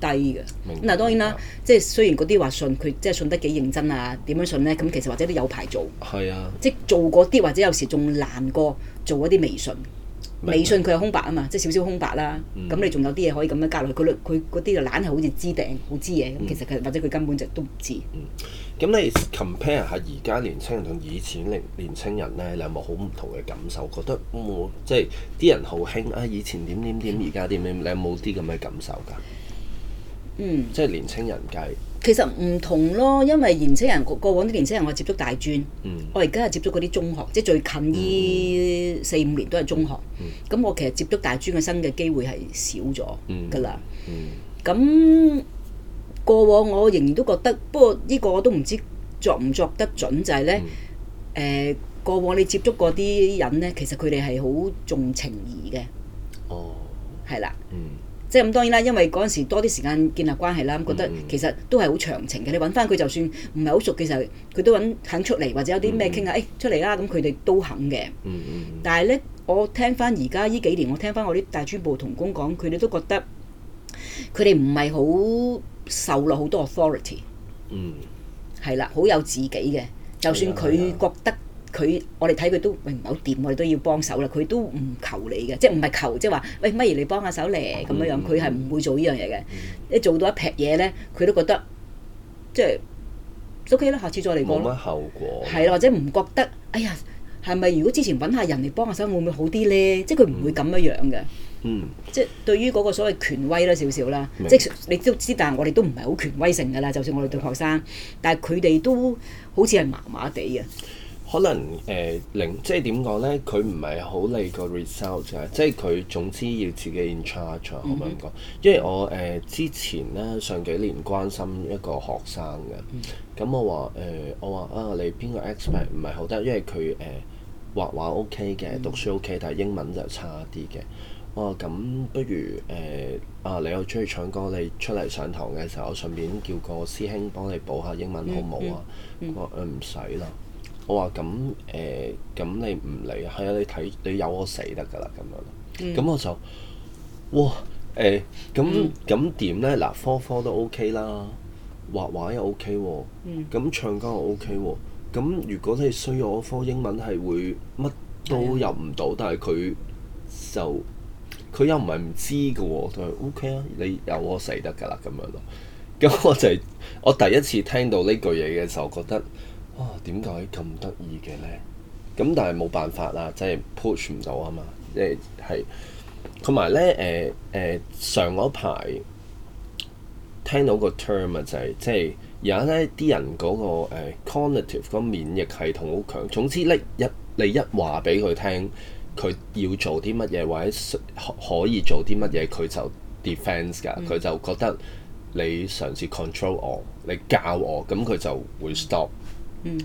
低嘅。明。嗱當然啦，即係雖然嗰啲話信佢，即係信得幾認真啊？點樣信咧？咁其實或者都有排做。係啊。即係做嗰啲，或者有時仲難過做一啲微信。微信佢有空白啊嘛，即係少少空白啦。咁、嗯、你仲有啲嘢可以咁樣加落去，佢佢嗰啲就懶係好似知定好知嘢，咁、嗯、其實佢或者佢根本就都唔知。咁、嗯、你 compare 下而家年輕人同以前年年青人咧，你有冇好唔同嘅感受？覺得冇，即係啲人好興啊，以前點點點，而家點點，你有冇啲咁嘅感受㗎？嗯，即係年青人計。其實唔同咯，因為年青人過往啲年青人我接觸大專，嗯、我而家係接觸嗰啲中學，即係最近呢四五年都係中學。咁、嗯、我其實接觸大專嘅生嘅機會係少咗噶啦。咁、嗯嗯、過往我仍然都覺得，不過呢個我都唔知作唔作得準，就係、是、呢。誒、嗯呃，過往你接觸嗰啲人呢，其實佢哋係好重情義嘅。哦、嗯，係、嗯、啦。即係咁當然啦，因為嗰陣時多啲時間建立關係啦，覺得其實都係好長情嘅。你揾翻佢就算唔係好熟嘅時候，佢都揾肯出嚟，或者有啲咩傾偈誒出嚟啦。咁佢哋都肯嘅。嗯。但係呢，我聽翻而家呢幾年，我聽翻我啲大專部同工講，佢哋都覺得佢哋唔係好受落好多 authority。嗯。係啦，好有自己嘅，就算佢覺得。佢我哋睇佢都唔係好掂，我哋都，都要幫手啦。佢都唔求你嘅，即係唔係求，即係話，喂，乜嘢你幫下手嚟？」咁樣樣，佢係唔會做呢樣嘢嘅。一、嗯、做到一劈嘢咧，佢都覺得即係 O K 啦，下次再嚟幫。冇乜後果。係啦、啊，或者唔覺得，哎呀，係咪如果之前揾下人嚟幫下手會唔會好啲咧？即係佢唔會咁樣樣嘅。嗯嗯、即係對於嗰個所謂權威啦，少少啦，即係你都知，但係我哋都唔係好權威性噶啦。就算我哋對學生，但係佢哋都好似係麻麻地嘅。可能誒、呃，零即係點講咧？佢唔係好理個 result 嘅，即係佢總之要自己 incharge 啊！好唔好咁講？Hmm. 因為我誒、呃、之前咧上幾年關心一個學生嘅，咁我話誒，我話、呃、啊，你邊個 expert 唔係好得？因為佢誒、呃、畫畫 OK 嘅，mm hmm. 讀書 OK，但係英文就差啲嘅。我話咁、啊、不如誒、呃、啊，你又中意唱歌，你出嚟上堂嘅時候，我順便叫個師兄幫你補下英文好唔好、mm hmm. mm hmm. 啊？佢話唔使咯。啊啊啊啊啊啊啊啊我話咁誒，咁你唔理係啊？你睇你有我死得㗎啦，咁樣、嗯。咁我就哇誒，咁咁點咧？嗱，科、嗯、科都 OK 啦，畫畫又 OK 喎、啊。咁、嗯嗯、唱歌又 OK 喎、啊。咁、嗯嗯、如果你需要我科英文係會乜都入唔到，的但係佢就佢又唔係唔知嘅喎，就係 OK 啊。你有我死得㗎啦，咁樣咯。咁我就係、是、我第一次聽到呢句嘢嘅時候，覺得。哦，點解咁得意嘅咧？咁、嗯、但係冇辦法啦，即係 push 唔到啊嘛，即係係。同埋咧，誒誒、呃呃、上嗰排聽到個 term 啊，就係、是、即係而家咧啲人嗰、那個、呃、cognitive 個免疫系統好強。總之咧，一你一話俾佢聽，佢要做啲乜嘢或者可可以做啲乜嘢，佢就 defense 噶、嗯，佢就覺得你嘗試 control 我，你教我，咁佢就會 stop、嗯。嗯，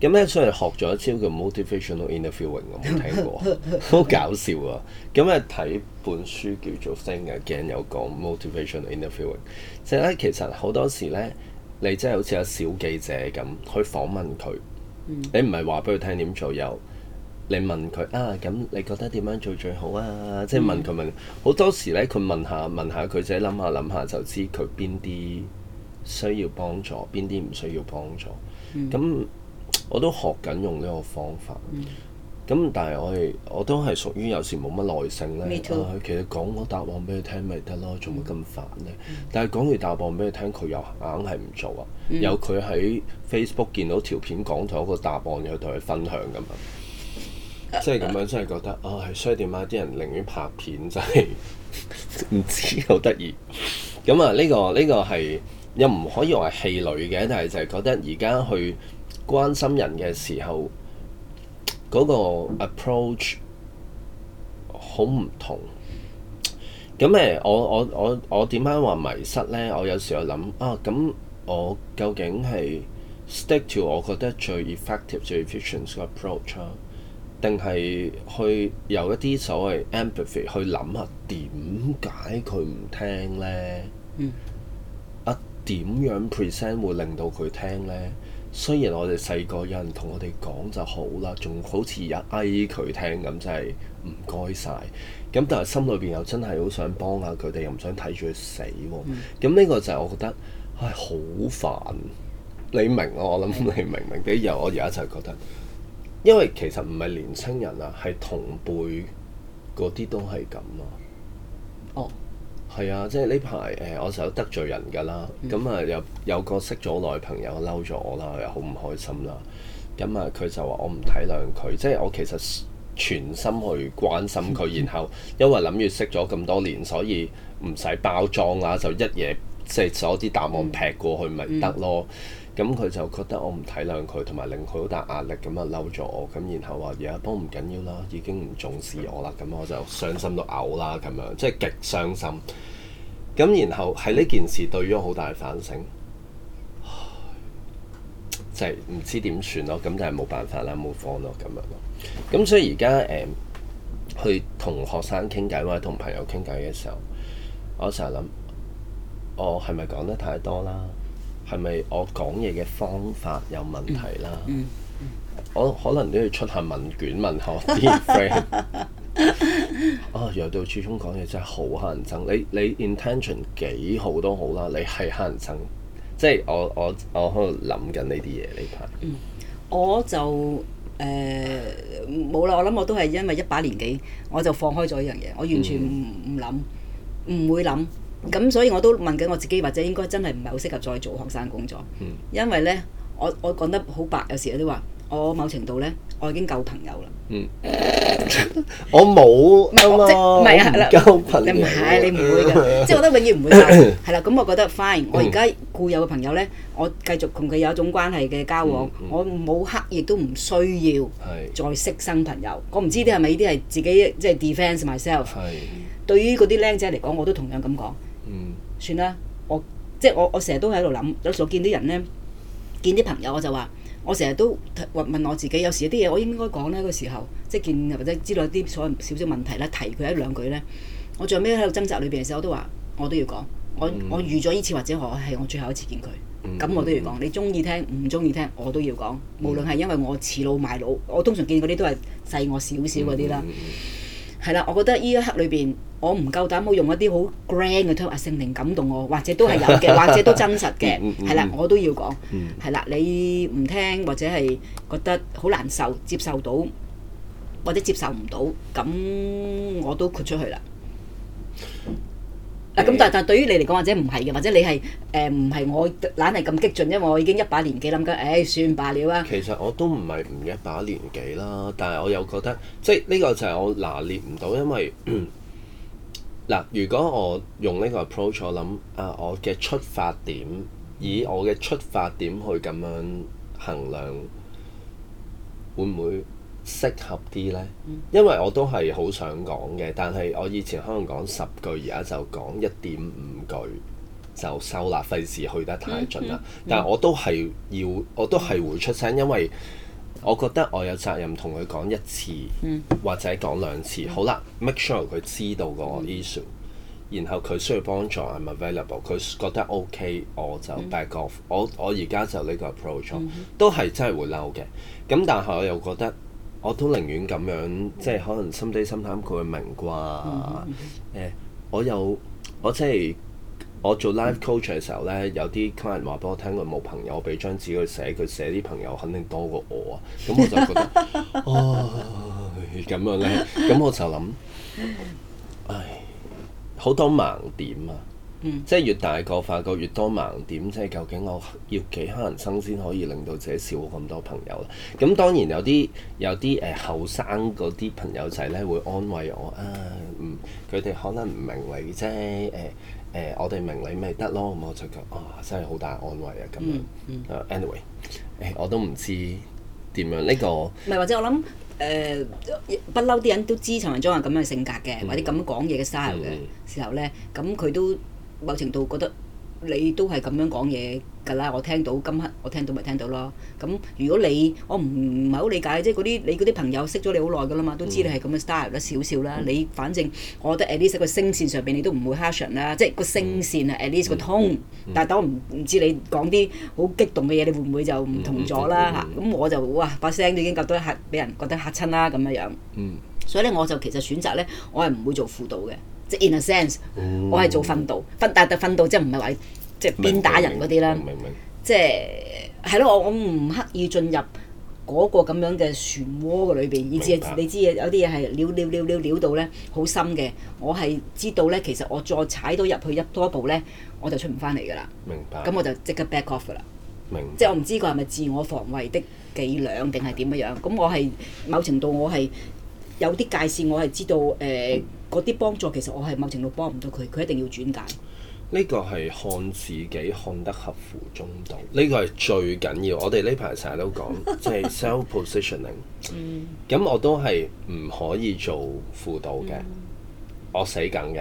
咁、嗯、咧，所以、嗯嗯、學咗一招叫 motivational interviewing，我冇聽過，好 搞笑啊！咁咧睇本書叫做《Think Again》，有講 motivational interviewing，即係咧，其實好多時咧，你真係好似有小記者咁去訪問佢，嗯、你唔係話俾佢聽點做，又你問佢啊，咁你覺得點樣做最好啊？即、就、係、是、問佢問，好、嗯、多時咧，佢問下問下佢就喺諗下諗下就知佢邊啲需要幫助，邊啲唔需要幫助。咁、嗯、我都學緊用呢個方法，咁、嗯、但係我哋，我都係屬於有時冇乜耐性咧錯、呃。其實講個答案俾佢聽咪得咯，做乜咁煩咧？嗯、但係講完答案俾佢聽，佢又硬係唔做啊！有佢喺 Facebook 見到條片講咗個答案，要同佢分享咁啊，即係咁樣，真、就、係、是、覺得啊，係衰點啊！啲人寧願拍片，真係唔 知道 好得意。咁啊，呢、這個呢、這個係。又唔可以話氣餒嘅，但係就係覺得而家去關心人嘅時候，嗰個 approach 好唔同。咁誒，我我我我點解話迷失呢？我有時候諗啊，咁我究竟係 stick to 我覺得最 effective 最 efficient 嘅 approach 啊，定係去有一啲所謂 empathy 去諗下點解佢唔聽呢？嗯。點樣 present 會令到佢聽呢？雖然我哋細個有人同我哋講就好啦，仲好似一嗌佢聽咁，就係唔該晒。咁但係心裏邊又真係好想幫下佢哋，又唔想睇住佢死、啊。咁呢、嗯、個就係我覺得唉，好煩。你明啊？我諗你明唔明啲嘢？我而家就覺得，因為其實唔係年青人啊，係同輩嗰啲都係咁啊。哦係啊，即係呢排誒，我就得罪人㗎啦。咁啊，有有個識咗耐朋友嬲咗我啦，又好唔開心啦。咁、嗯、啊，佢就話我唔體諒佢，即係我其實全心去關心佢。嗯、然後因為諗住識咗咁多年，所以唔使包裝啊，就一嘢即係所有啲答案劈過去咪得咯。嗯嗯。咁佢就覺得我唔體諒佢，同埋令佢好大壓力咁啊嬲咗我，咁然後話而家幫唔緊要啦，已經唔重視我啦，咁我就傷心到嘔啦咁樣，即係極傷心。咁然後係呢件事對於我好大反省，就係、是、唔知點算咯，咁但係冇辦法啦，冇放咯咁樣咯。咁所以而家誒，去同學生傾偈或者同朋友傾偈嘅時候，我成日諗，我係咪講得太多啦？係咪我講嘢嘅方法有問題啦？嗯嗯嗯、我可能都要出下問卷問下啲 friend。 啊，又到始終講嘢真係好乞人憎。你你 intention 幾好都好啦，你係乞人憎。即係我我我喺度諗緊呢啲嘢，呢排我就誒冇啦。我諗我都係因為一把年紀，我就放開咗一樣嘢。我完全唔唔諗，唔、嗯、會諗。咁所以我都問緊我自己，或者應該真係唔係好適合再做學生工作，因為咧我我講得好白，有時有啲話我某程度咧，我已經夠朋友啦。嗯，我冇交即係冇交朋友，唔係你唔會嘅，即係我覺得永遠唔會。係啦，咁我覺得 fine。我而家固有嘅朋友咧，我繼續同佢有一種關係嘅交往，我冇刻意都唔需要再識新朋友。我唔知啲係咪呢啲係自己即係 defense myself。係對於嗰啲僆仔嚟講，我都同樣咁講。嗯，算啦，我即係我，我成日都喺度諗，有時我見啲人咧，見啲朋友我就話，我成日都問問我自己，有時有啲嘢我應該講咧，那個時候即係見或者知道有啲所謂少少問題咧，提佢一兩句咧，我最尾喺度掙扎裏邊嘅時候，我都話我都要講，我、嗯、我預咗呢次或者我係我最後一次見佢，咁、嗯、我都要講，你中意聽唔中意聽，我都要講，無論係因為我恃老賣老，我通常見嗰啲都係細我少少嗰啲啦。嗯嗯嗯嗯嗯係啦，我覺得呢一刻裏邊，我唔夠膽冇用一啲好 grand 嘅 talk，聖靈感動我，或者都係有嘅， 或者都真實嘅。係啦， 我都要講。係啦， 你唔聽或者係覺得好難受，接受到或者接受唔到，咁我都豁出去啦。咁但、嗯、但對於你嚟講，或者唔係嘅，或者你係誒唔係我懶係咁激進，因為我已經一把年紀，諗緊，誒，算罷了啦。其實我都唔係唔一把年紀啦，但係我又覺得，即係呢、這個就係我拿捏唔到，因為嗱，如果我用呢個 approach，我諗啊，我嘅出發點，以我嘅出發點去咁樣衡量，會唔會？適合啲呢，因為我都係好想講嘅，但係我以前可能講十句，而家就講一點五句就收啦，費事去得太盡啦。Yeah, yeah, yeah. 但係我都係要，我都係會出聲，因為我覺得我有責任同佢講一次 Yeah. 或者講兩次。Yeah. 好啦，make sure 佢知道個 issue，Yeah .然後佢需要幫助 I'm available。佢覺得 OK，我就 back off Yeah. 我。我我而家就呢個 approach，Yeah. 都係真係會嬲嘅。咁但係我又覺得。我都寧願咁樣，即係可能心底心淡，佢會明啩、嗯嗯欸。我有我即係我做 live coach 嘅時候呢，有啲客人話俾我聽，佢冇朋友俾張紙佢寫，佢寫啲朋友肯定多過我啊。咁我就覺得啊，咁、 哦哎、樣呢？咁我就諗，唉、哎，好多盲點啊！嗯、即係越大個，發覺越多盲點，即係究竟我要幾狠心先可以令到自己少咁多朋友啦？咁當然有啲有啲誒後生嗰啲朋友仔咧會安慰我啊，唔佢哋可能唔明你啫，誒、呃、誒、呃、我哋明你咪得咯咁，我就覺啊，真係好大安慰啊咁樣。anyway 誒我都唔知點樣呢、呢個咪或者我諗誒不嬲啲人都知陳文忠係咁嘅性格嘅，嗯、或者咁講嘢嘅 style 嘅、嗯、時候咧，咁佢都。某程度覺得你都係咁樣講嘢㗎啦，我聽到今刻我聽到咪聽到咯。咁、嗯、如果你我唔唔係好理解，即係嗰啲你嗰啲朋友識咗你好耐㗎啦嘛，都知你係咁嘅 style 啦少少啦。嗯、你反正我覺得 at least 個聲線上邊你都唔會 harsh 啦，即係個聲線啊 at least 個 tone。但係當唔唔知你講啲好激動嘅嘢，你會唔會就唔同咗啦嚇？咁、嗯嗯嗯嗯、我就哇把聲已經覺得嚇俾人覺得嚇親啦咁嘅樣。嗯、所以咧我就其實選擇咧，我係唔會做輔導嘅。In a sense，、嗯、我係做訓導，訓但係訓，訓導即係唔係話即係鞭打人嗰啲啦。明明明即係係咯，我我唔刻意進入嗰個咁樣嘅漩渦嘅裏邊，以至白你知嘢有啲嘢係撩撩撩撩撩到咧，好深嘅。我係知道咧，其實我再踩到入去，去多一多步咧，我就出唔翻嚟㗎啦。明白。咁我就即刻 back off 㗎啦。明白即係我唔知佢係咪自我防衞的伎倆定係點嘅樣？咁我係某程度我係有啲界線，我係知道誒。呃嗯嗰啲幫助其實我係某程度幫唔到佢，佢一定要轉介。呢個係看自己看得合乎中道，呢、這個係最緊要。我哋呢排成日都講即係 self positioning，咁、嗯、我都係唔可以做輔導嘅，嗯、我死梗嘅。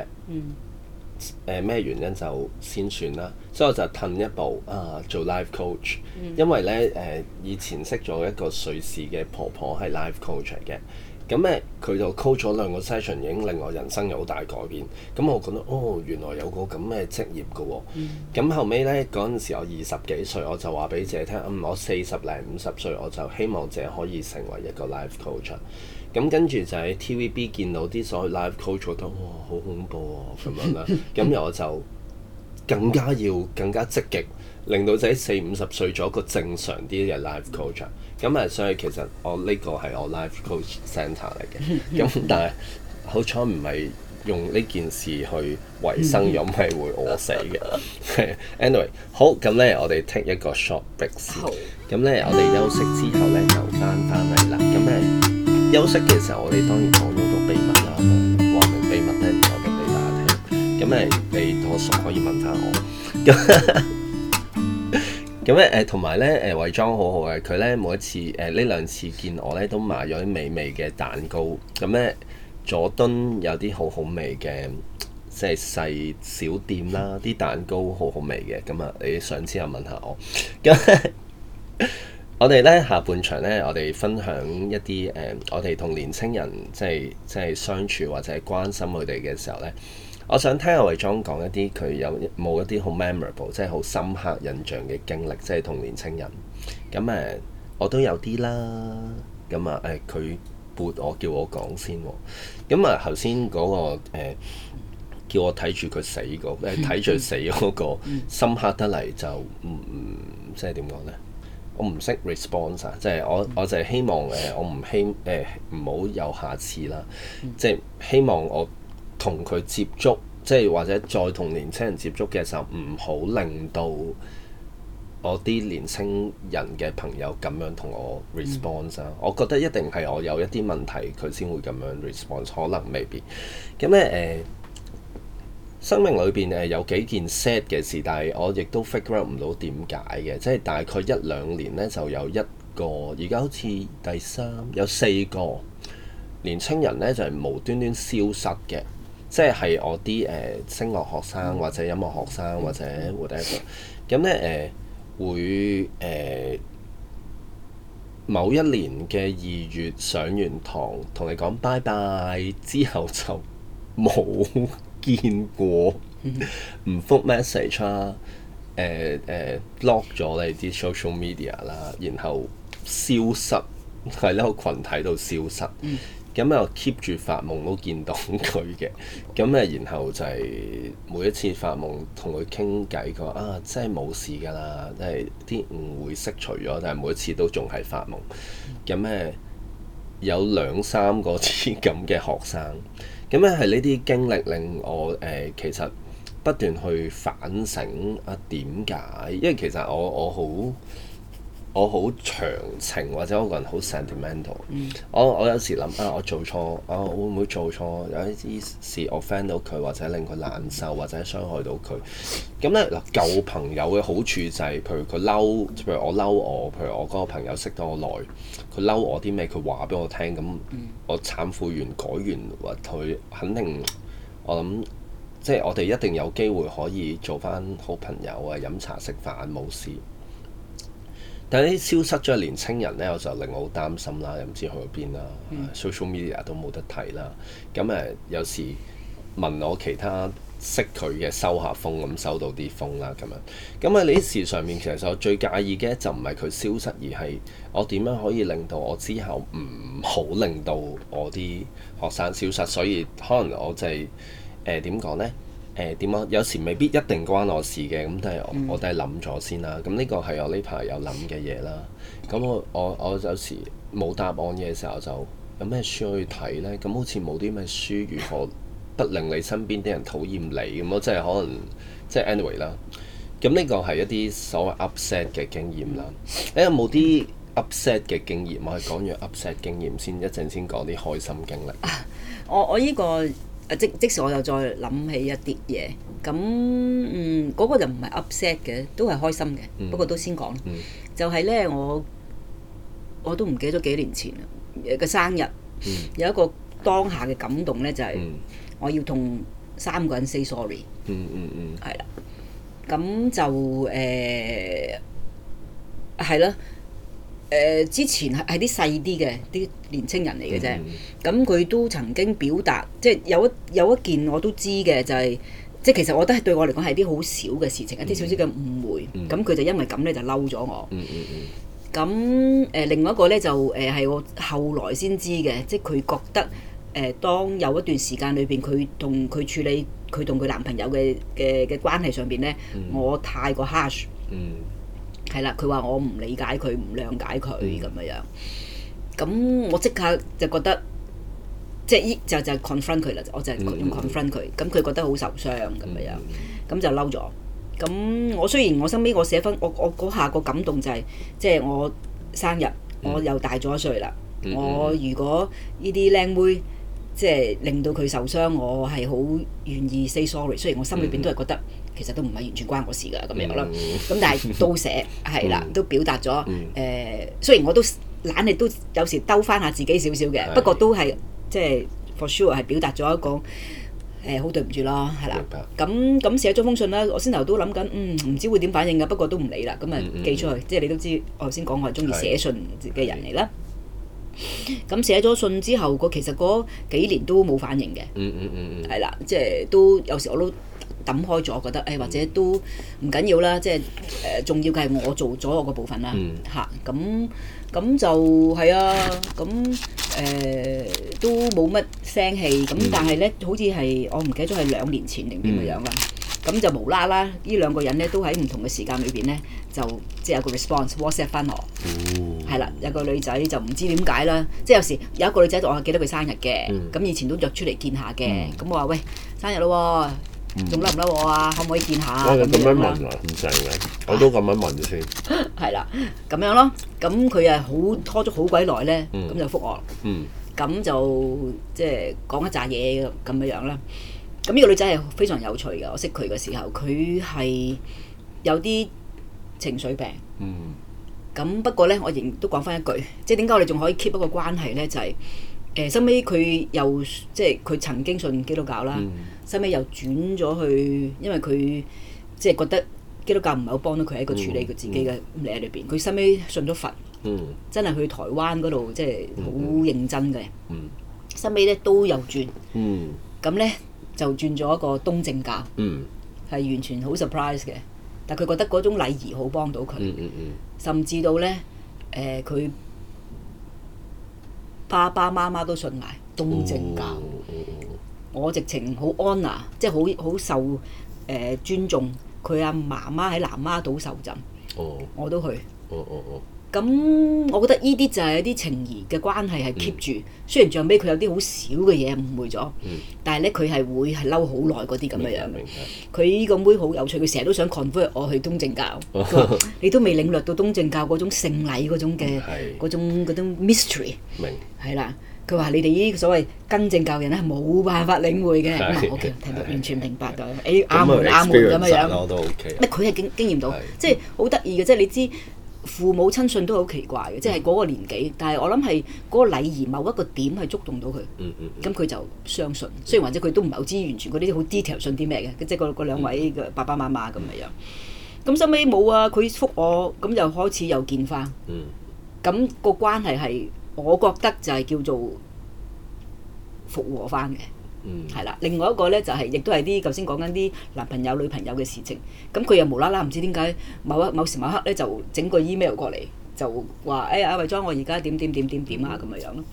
誒咩、嗯呃、原因就先算啦，所以我就褪一步啊，做 life coach、嗯。因為呢，誒、呃，以前識咗一個瑞士嘅婆婆係 life coach 嘅。咁咧，佢、嗯嗯、就 coach 咗兩個 session，已經令我人生有大改變。咁我覺得哦，原來有個咁嘅職業噶喎、哦。咁、嗯、後尾呢，嗰陣時我二十幾歲，我就話俾自己聽，嗯，我四十零五十歲，我就希望自己可以成為一個 life coach、啊咁跟住就喺 TVB 見到啲所謂 life coach，我覺得哇，好恐怖喎、啊、咁樣啦。咁 我就更加要更加積極，令到自己四五十歲做一個正常啲嘅 life coach、嗯嗯。咁啊、嗯，所以其實我呢個係我 life coach center 嚟嘅，咁但係好彩唔係用呢件事去維生，咁係會餓死嘅、 嗯。Anyway，好咁咧， 我哋 take 一個 short break 先，咁咧我哋休息之後咧就翻返嚟啦。咁咪休息嘅時候，我哋當然講咗啲秘密啊，話明秘密嘅唔講得俾大家聽。咁咪你我熟可以問返我。 咁咧，誒同埋咧，誒偽裝好好嘅，佢咧每一次，誒呢兩次見我咧，都買咗啲美味嘅蛋糕。咁咧，佐敦有啲好好味嘅，即係細小，小店啦，啲蛋糕好好味嘅。咁啊，你上次又問下我。咁 我哋咧下半場咧，我哋分享一啲誒、呃，我哋同年青人即係即係相處或者係關心佢哋嘅時候咧。我想聽阿魏莊講一啲佢有冇一啲好 memorable，即係好深刻印象嘅經歷，即係同年青人。咁誒，我都有啲啦。咁啊誒，佢、哎、撥我叫我講先。咁啊，頭先嗰個、呃、叫我睇住佢死、呃死嗰個，睇住佢死嗰個深刻得嚟就唔、嗯嗯，即係點講咧？我唔識 response 啊，即係我、嗯、我就係希望誒、呃，我唔希誒，唔、呃、好有下次啦。即係、嗯、希望我。同佢接觸，即係或者再同年青人接觸嘅時候，唔好令到我啲年青人嘅朋友咁樣同我 response、嗯、我覺得一定係我有一啲問題，佢先會咁樣 response。可能未必 maybe 咁咧誒，生命裏邊誒有幾件 sad 嘅事，但係我亦都 figure 唔到點解嘅，即係大概一兩年呢，就有一個，而家好似第三有四個年青人呢，就係無端端消失嘅。即係我啲誒聲樂學生或者音樂學生或者 whatever，咁咧誒會誒、呃、某一年嘅二月上完堂，同你講拜拜之後就冇見過，唔覆 message 啦，誒誒 lock 咗你啲 social media 啦，然後消失喺呢個群體度消失。嗯。咁我 keep 住發夢都見到佢嘅，咁咧然後就係每一次發夢同佢傾偈講啊，真係冇事㗎啦，即係啲誤會釋除咗，但係每一次都仲係發夢。咁咧、嗯、有兩三個次咁嘅學生，咁咧係呢啲經歷令我誒、呃、其實不斷去反省啊點解？因為其實我我好。我好長情，或者我個人好 sentimental。嗯、我我有時諗啊，我做錯，啊，會唔會做錯？有啲事我 friend 到佢，或者令佢難受，或者傷害到佢。咁咧嗱，舊朋友嘅好處就係、是，譬如佢嬲，譬如我嬲我，譬如我嗰個朋友識得我耐，佢嬲我啲咩，佢話俾我聽。咁我懺悔完改完，或佢肯定，我諗即係我哋一定有機會可以做翻好朋友啊！飲茶食飯冇事。但係啲消失咗嘅年青人咧，我就令我好擔心啦，又唔知去咗邊啦，social media 都冇得睇啦。咁誒，有時問我其他識佢嘅收下風，咁收到啲風啦，咁樣。咁喺，呢啲事上面其實我最介意嘅就唔係佢消失，而係我點樣可以令到我之後唔好令到我啲學生消失。所以可能我就係誒點講咧？呃誒點、呃、啊？有時未必一定關我事嘅，咁但係我、嗯、我都係諗咗先啦。咁呢個係我呢排有諗嘅嘢啦。咁我我我有時冇答案嘅時候就有咩書去睇呢？咁好似冇啲咩書如何不令你身邊啲人討厭你咁咯？即係可能即係、就是、anyway 啦。咁呢個係一啲所謂 upset 嘅經驗啦。誒有冇啲 upset 嘅經驗？嗯、我係講完 upset 經驗先，一陣先講啲開心經歷。啊、我我呢、這個。即即使，我又再諗起一啲嘢咁，嗯，嗰、那個就唔係 upset 嘅，都係開心嘅。嗯、不過都先講，嗯、就係呢，我我都唔記得咗幾年前誒嘅生日，嗯、有一個當下嘅感動呢，就係、是、我要同三個人 say sorry 嗯。嗯嗯嗯，係啦，咁就誒係啦。呃誒、呃、之前係係啲細啲嘅啲年青人嚟嘅啫，咁佢、mm hmm. 嗯、都曾經表達，即係有一有一件我都知嘅，就係、是、即係其實我覺得係對我嚟講係啲好少嘅事情，mm hmm. 一啲少少嘅誤會，咁佢、mm hmm. 嗯、就因為咁咧就嬲咗我。Mm hmm. 嗯咁誒、呃、另外一個咧就誒係、呃、我後來先知嘅，即係佢覺得誒、呃、當有一段時間裏邊佢同佢處理佢同佢男朋友嘅嘅嘅關係上邊咧，mm hmm. 我太過 harsh、mm。嗯。係啦，佢話我唔理解佢，唔諒解佢咁樣樣。咁我即刻就覺得，即係就就係 confront 佢啦。我就係用 confront 佢，咁佢、嗯、覺得好受傷咁樣。咁就嬲咗。咁我雖然我後尾我寫翻，我我嗰下個感動就係、是，即係我生日，我又大咗一歲啦。嗯、我如果呢啲靚妹，即係令到佢受傷，我係好願意 say sorry。雖然我心裏邊都係覺得。嗯其實都唔係完全關我事噶咁樣咯，咁但係都寫係啦，都表達咗，誒，雖然我都懶力都有時兜翻下自己少少嘅，不過都係即係 for sure 係表達咗一個誒，好對唔住咯，係啦，咁咁寫咗封信啦，我先頭都諗緊，嗯，唔知會點反應噶，不過都唔理啦，咁啊寄出去，即係你都知我頭先講，我係中意寫信嘅人嚟啦。咁寫咗信之後，個其實嗰幾年都冇反應嘅，嗯嗯係啦，即係都有時我都。抌開咗，覺得誒或者都唔緊要啦，即係誒重要嘅係我做咗我個部分啦嚇。咁咁就係啊，咁誒都冇乜聲氣咁，但係咧好似係我唔記得咗係兩年前定點嘅樣啦。咁就無啦啦，呢兩個人咧都喺唔同嘅時間裏邊咧，就即係有個 response WhatsApp 翻我係啦。有個女仔就唔知點解啦，即係有時有一個女仔同我係記得佢生日嘅，咁以前都約出嚟見下嘅。咁我話喂，生日咯仲嬲唔嬲我啊？可唔可以見下？咁哇樣，樣問嚟唔使嘅，啊、我都咁樣問先、啊。係啦， 咁樣咯。咁佢啊，好拖咗好鬼耐咧，咁就復我。嗯。咁就即係講一紮嘢咁樣樣啦。咁呢個女仔係非常有趣嘅。我識佢嘅時候，佢係有啲情緒病。嗯。咁不過咧，我仍都講翻一句，即係點解我哋仲可以 keep 一個關係咧？就係、是、誒，收尾佢又即係佢曾經信基督教啦。嗯收尾又轉咗去，因為佢即係覺得基督教唔係好幫到佢喺一個處理佢自己嘅壓力裏邊，佢收尾信咗佛，嗯、真係去台灣嗰度即係好認真嘅。收尾咧都又轉，咁咧、嗯、就轉咗一個東正教，係、嗯、完全好 surprise 嘅。但佢覺得嗰種禮儀好幫到佢，嗯嗯嗯、甚至到咧誒佢爸爸媽媽都信埋東正教。嗯嗯嗯嗯。我直情好 honour 即係好好受誒尊重。佢阿媽媽喺南丫島受浸，我都去。哦哦哦。咁我覺得呢啲就係一啲情誼嘅關係係 keep 住。雖然像俾佢有啲好少嘅嘢誤會咗，但係咧佢係會係嬲好耐嗰啲咁樣樣。明。佢呢個妹好有趣，佢成日都想 convert 我去東正教。你都未領略到東正教嗰種聖禮嗰種嘅嗰種嗰種 mystery。明。係啦。佢話：你哋呢個所謂更正教人咧，冇辦法領會嘅。嗱，我其實聽到完全明白㗎。誒，阿梅阿梅咁嘅樣，乜佢係經經驗到，即係好得意嘅。即係你知父母親信都好奇怪嘅，即係嗰個年紀。但係我諗係嗰個禮儀某一個點係觸動到佢。嗯嗯。咁佢就相信，雖然或者佢都唔係好知完全嗰啲好 detail 信啲咩嘅。即係嗰兩位嘅爸爸媽媽咁嘅樣。咁收尾冇啊！佢覆我，咁又開始又見翻。嗯。咁個關係係。我覺得就係叫做復和翻嘅，嗯，係啦、嗯。另外一個咧就係、是，亦都係啲頭先講緊啲男朋友女朋友嘅事情。咁、嗯、佢又無啦啦，唔知點解某一某時某刻咧就整個 email 過嚟，就話誒、哎、阿慧莊，我而家點點點點點啊咁嘅樣咯。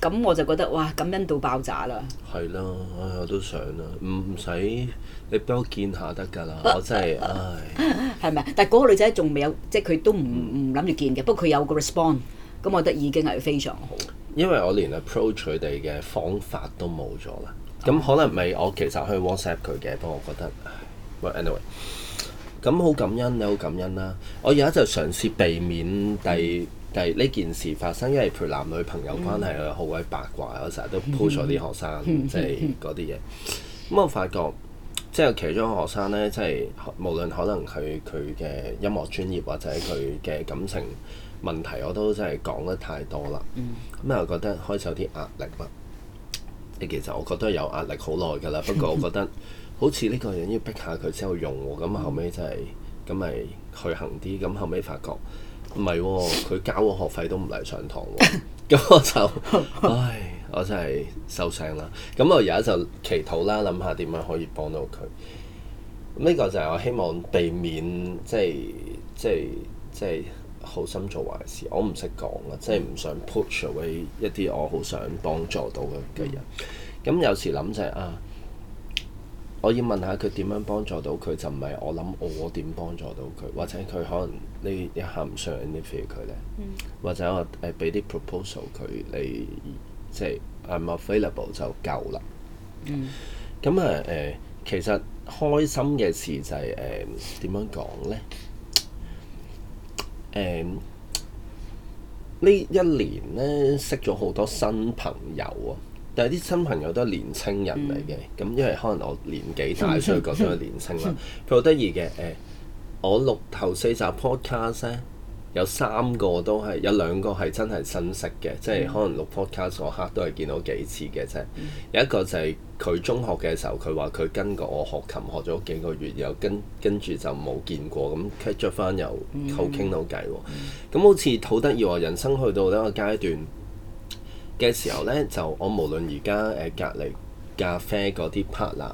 咁、嗯嗯、我就覺得哇，感恩到爆炸啦！係咯，唉，我都想啊，唔使你幫我見下得㗎啦，我真係唉。係、哎、咪？ 但係嗰個女仔仲未有，即係佢都唔唔諗住見嘅。不過佢有個 response。咁我覺得已經係非常好。因為我連 approach 佢哋嘅方法都冇咗啦，咁、oh. 可能咪我其實去 WhatsApp 佢嘅，不過我覺得。喂 anyway，咁好感恩，你好感恩啦。我而家就嘗試避免第、嗯、第呢件事發生，因為譬如男女朋友關係啊，好鬼、嗯、八卦我成日都 post 咗啲學生，即係嗰啲嘢。咁我發覺，即、就、係、是、其中一個學生咧，即、就、係、是、無論可能係佢嘅音樂專業或者佢嘅感情。問題我都真係講得太多啦，咁又、嗯嗯、覺得開始有啲壓力啦。其實我覺得有壓力好耐噶啦，不過我覺得好似呢個人要逼下佢先去用喎、哦，咁、嗯嗯、後尾就係咁咪去行啲，咁後尾發覺唔係喎，佢、哦、交個學費都唔嚟上堂喎、哦，咁、 嗯、我就唉，我真係收聲啦。咁、嗯、我而家就祈禱啦，諗下點樣可以幫到佢。呢、嗯呢個就係我希望避免，即係即係即係。好心做壞事，我唔識講啊，即係唔想 push away 一啲我好想幫助到嘅嘅人。咁、嗯、有時諗就係、是、啊，我要問下佢點樣幫助到佢，就唔係我諗我點幫助到佢，或者佢可能你你行唔上 invite 佢咧，嗯、或者我誒俾、呃、啲 proposal 佢，你即係、就是、I'm available 就夠啦。咁啊誒，其實開心嘅事就係誒點樣講咧？呢、嗯、一年呢識咗好多新朋友啊！但係啲新朋友都係年青人嚟嘅，咁、嗯嗯、因為可能我年紀大，所以覺得佢年青啦。佢好得意嘅，我錄頭四集 podcast 咧。有三個都係，有兩個係真係新識嘅，即係可能錄 podcast 嗰刻都係見到幾次嘅啫。嗯、有一個就係佢中學嘅時候，佢話佢跟過我學琴學咗幾個月，又跟跟住就冇見過，咁 catch 翻又聊聊、哦嗯、好傾到偈。咁好似好得意喎！人生去到呢個階段嘅時候呢，就我無論而家誒隔離咖啡嗰啲 partner、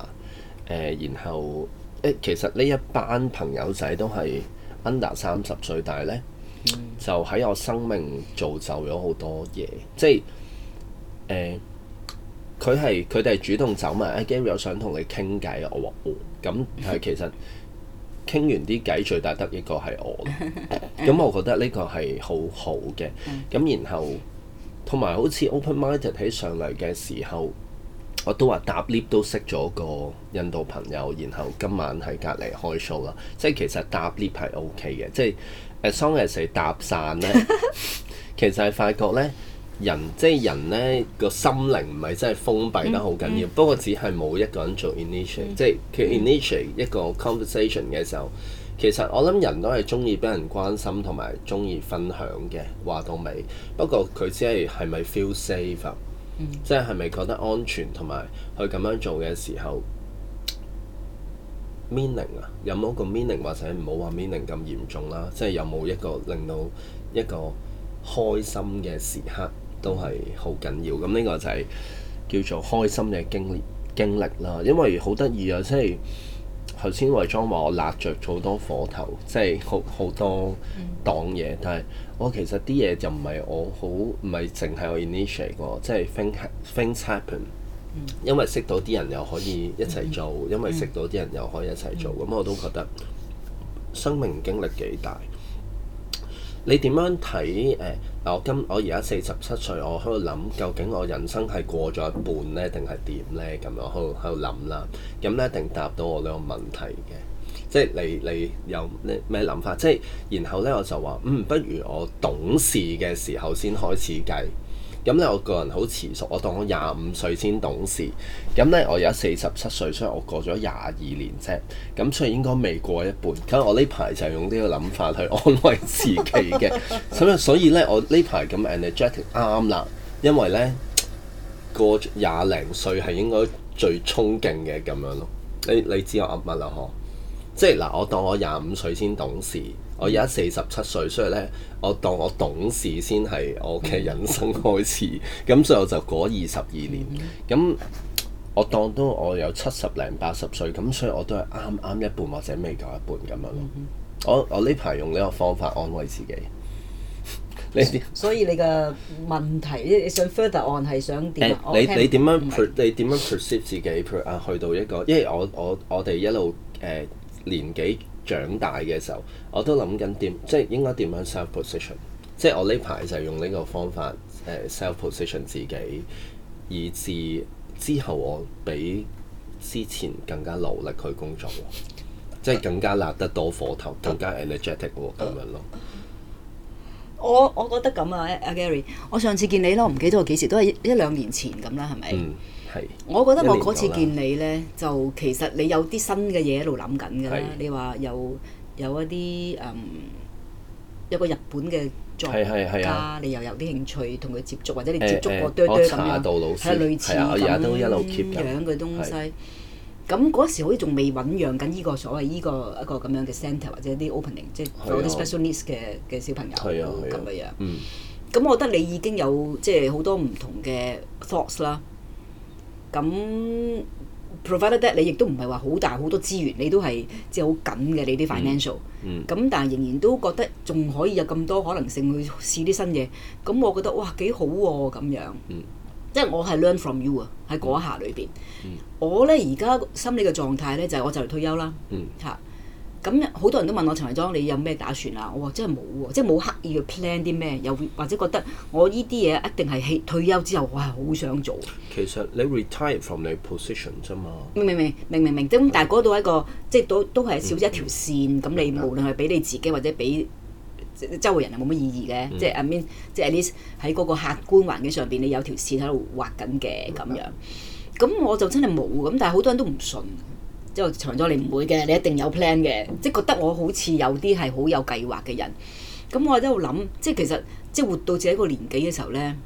呃、然後誒、欸、其實呢一班朋友仔都係 under 三十歲，但係呢。就喺我生命造就咗好多嘢，即係誒，佢係佢哋主動走埋，阿 Gary 我想同你傾偈，我話咁係、哦、其實傾完啲偈，最大得益個係我，咁我覺得呢個係好好嘅。咁然後同埋好似 Open Mind 喺上嚟嘅時候，我都話搭 lift 都識咗個印度朋友，然後今晚喺隔籬開 show 啦，即係其實搭 lift 係 OK 嘅，即係。As long as 係搭訕咧，其實係發覺咧，人即係人咧個心靈唔係真係封閉得好緊要。Mm hmm. 不過只係冇一個人做 initiate，mm hmm. 即係佢 initial 一個 conversation 嘅時候，其實我諗人都係中意俾人關心同埋中意分享嘅話到尾。不過佢只係係咪 feel safe？啊 mm hmm. 即係係咪覺得安全同埋佢咁樣做嘅時候？meaning 啊，有冇個 meaning 或者唔好話 meaning 咁嚴重啦，即係有冇一個令到一個開心嘅時刻都係好緊要。咁呢個就係叫做開心嘅經經歷啦。因為好得意啊，即係頭先維莊話我攔著好多火頭，即係好好多檔嘢。但係我、哦、其實啲嘢就唔係我好，唔係淨係我 initiate 個，即係 thing, things happen。因為識到啲人又可以一齊做，因為識到啲人又可以一齊做，咁我都覺得生命經歷幾大。你點樣睇？誒、呃、我今我而家四十七歲，我喺度諗，究竟我人生係過咗一半呢？定係點呢？咁我喺度喺度諗啦。咁呢，一定答到我兩個問題嘅，即係你你有咩諗法？即係然後呢，我就話：嗯，不如我懂事嘅時候先開始計。咁咧、嗯，我個人好遲熟，我當我廿五歲先懂事。咁、嗯、咧，我而家四十七歲，所以我過咗廿二年啫。咁、嗯、所以應該未過一半。咁我呢排就用呢個諗法去安慰自己嘅。咁 啊，所以咧，我呢排咁 energetic 啱啦。因為咧，過廿零歲係應該最衝勁嘅咁樣咯。你你知我乜啦？嗬，即係嗱，我當我廿五歲先懂事。我而家四十七歲，所以咧，我當我懂事先係我嘅人生開始，咁 所以我就過二十二年，咁、嗯嗯、我當到我有七十零八十歲，咁所以我都係啱啱一半或者未夠一半咁樣咯、嗯嗯。我我呢排用呢個方法安慰自己。 你所以你嘅問題，你想 further on 係想點、欸？你 per，你點樣？你點樣 perceive 自己？per 去到一個，因為我我我哋一路誒、呃、年紀、年紀年紀年紀年紀長大嘅時候，我都諗緊點，即係應該點樣 self-position。Position, 即係我呢排就用呢個方法誒、uh, self-position 自己，以致之後我比之前更加努力去工作，即係更加焫得到火頭，更加 energetic 咁樣咯。我我覺得咁啊，阿 Gary，我上次見你咯，唔記得我幾時，都係一,一兩年前咁啦，係咪？嗯。我覺得我嗰次見你咧，就其實你有啲新嘅嘢喺度諗緊㗎啦。你話有有一啲嗯，一個日本嘅作家，你又有啲興趣同佢接觸，或者你接觸過堆堆咁樣，係類似咁樣嘅東西。咁嗰時好似仲未醞釀緊呢個所謂呢個一個咁樣嘅 centre 或者啲 opening，即係嗰啲 specialist 嘅嘅小朋友咁樣樣。咁我覺得你已經有即係好多唔同嘅 thoughts 啦。咁 provided that 你亦都唔係話好大好多資源，你都係即係好緊嘅你啲 financial、mm。咁、hmm. 但係仍然都覺得仲可以有咁多可能性去試啲新嘢。咁我覺得哇幾好喎、啊、咁樣，即係、mm hmm. 我係 learn from you 啊喺嗰一下裏邊。Mm hmm. 我呢而家心理嘅狀態呢，就係、是、我就嚟退休啦嚇。Mm hmm. 咁好、嗯、多人都問我陳慧莊，你有咩打算啊？我話真係冇喎，即係冇刻意去 plan 啲咩，又或者覺得我呢啲嘢一定係退休之後，我係好想做。其實你 retire from 你 position 啫嘛，明明明明明明，咁但係嗰度一個即係都都係少一條線，咁、嗯、你無論係俾你自己或者俾周圍人係冇乜意義嘅，嗯、即係阿 I mean, 即係 at least 喺嗰個客觀環境上邊，你有條線喺度畫緊嘅咁樣。咁、嗯、我就真係冇咁，但係好多人都唔信。之後長咗你唔會嘅，你一定有 plan 嘅，即係覺得我好似有啲係好有計劃嘅人。咁我喺度諗，即係其實即係活到自己個年紀嘅時候呢，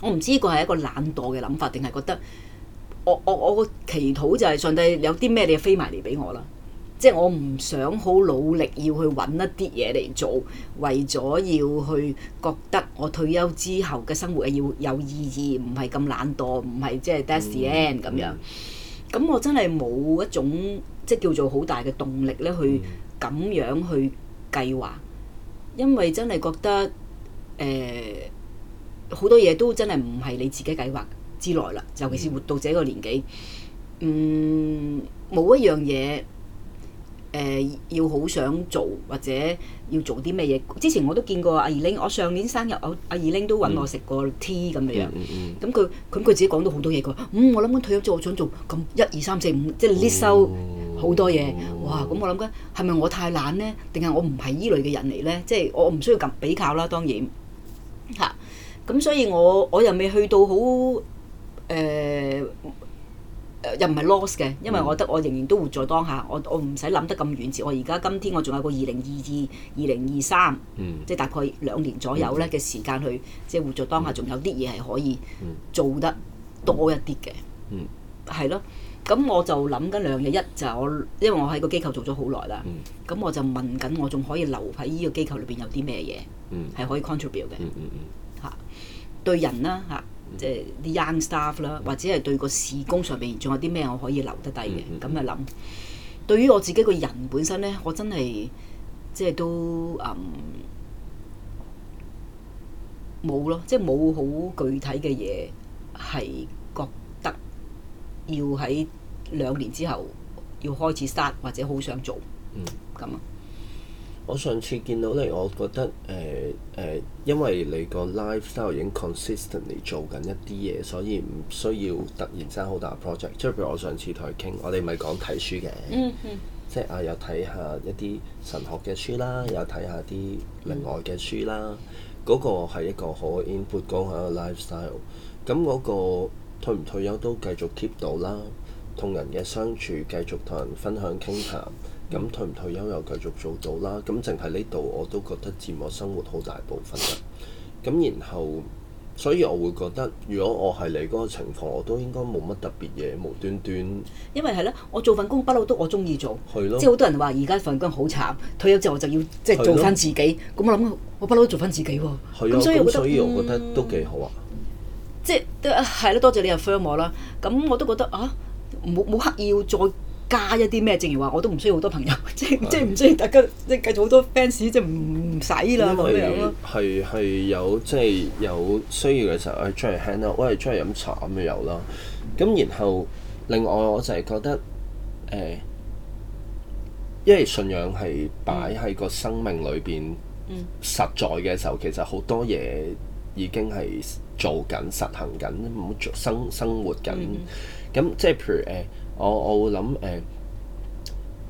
我唔知呢個係一個懶惰嘅諗法，定係覺得我我我個祈禱就係上帝有啲咩嘢飛埋嚟俾我啦。即係我唔想好努力要去揾一啲嘢嚟做，為咗要去覺得我退休之後嘅生活要有意義，唔係咁懶惰，唔係即係 death is the end 咁樣。咁我真係冇一種即係叫做好大嘅動力咧，去咁樣去計劃，嗯、因為真係覺得誒好、呃、多嘢都真係唔係你自己計劃之內啦，尤其是活到這個年紀，嗯，冇一樣嘢。誒、呃、要好想做或者要做啲咩嘢？之前我都見過阿二僆，我上年生日阿姨玲我阿二僆都揾我食個 tea 咁嘅樣。咁佢咁佢自己講、嗯、到好多嘢，佢話嗯我諗緊退休之後我想做咁一二三四五，1, 2, 3, 4, 5, 即係呢收好多嘢。哦、哇！咁、嗯、我諗緊係咪我太懶咧？定係我唔係依類嘅人嚟咧？即、就、係、是、我唔需要咁比較啦。當然吓，咁、啊，所以我我又未去到好誒。呃又唔係 loss 嘅，因為我覺得我仍然都活在當下，我我唔使諗得咁遠，至我而家今天我仲有個二零二二、二零二三，即係大概兩年左右咧嘅時間去，即係活在當下，仲有啲嘢係可以做得多一啲嘅，係咯、嗯。咁、嗯、我就諗緊兩日一就，我因為我喺、嗯、個機構做咗好耐啦，咁我就問緊我仲可以留喺呢個機構裏邊有啲咩嘢係可以 contribute 嘅，嚇、嗯嗯嗯嗯啊、對人啦嚇。啊即係啲 young staff 啦、mm，hmm. 或者係對個事工上面仲有啲咩我可以留得低嘅，咁啊諗。對於我自己個人本身呢，我真係即係都嗯冇咯，即係冇好具體嘅嘢係覺得要喺兩年之後要開始 start，或者好想做，嗯咁啊。Hmm. 我上次見到你，我覺得誒誒、呃呃，因為你個 lifestyle 已經 consistently 做緊一啲嘢，所以唔需要突然生好大 project。即係譬如我上次同佢傾，我哋咪講睇書嘅，嗯嗯、即係啊有睇下一啲神學嘅書啦，有睇下啲另外嘅書啦。嗰、嗯、個係一個好 input 講下嘅 lifestyle。咁嗰個退唔退休都繼續 keep 到啦，同人嘅相處繼續同人分享傾談，談。咁、嗯、退唔退休又繼續做到啦，咁淨係呢度我都覺得佔我生活好大部分啦。咁然後，所以我會覺得，如果我係你嗰個情況，我都應該冇乜特別嘢，無端端。因為係咧、啊，我做份工不嬲都我中意做，係咯的。即係好多人話而家份工好慘，退休之後我就要即係、就是、做翻自己。咁的我諗我不嬲做翻自己喎、啊。咁的所以，我覺得，嗯、所以我覺得都幾好啊。即係都係咯，多謝你又 affirm 我啦。咁我都覺得啊，冇冇刻意要再。加一啲咩？正如話，我都唔需要好多朋友，即係的即係唔需要大家即係繼續好多 fans，即係唔使啦咁樣咯。係係有即係有需要嘅時候，我出去 hang 啦，我哋出去飲茶咁樣有啦。咁然後另外，我就係覺得誒、呃，因為信仰係擺喺個生命裏邊，嗯、實在嘅時候其實好多嘢已經係做緊、實行緊、生生活緊。咁、嗯、即係譬如誒。呃我我會諗誒、嗯，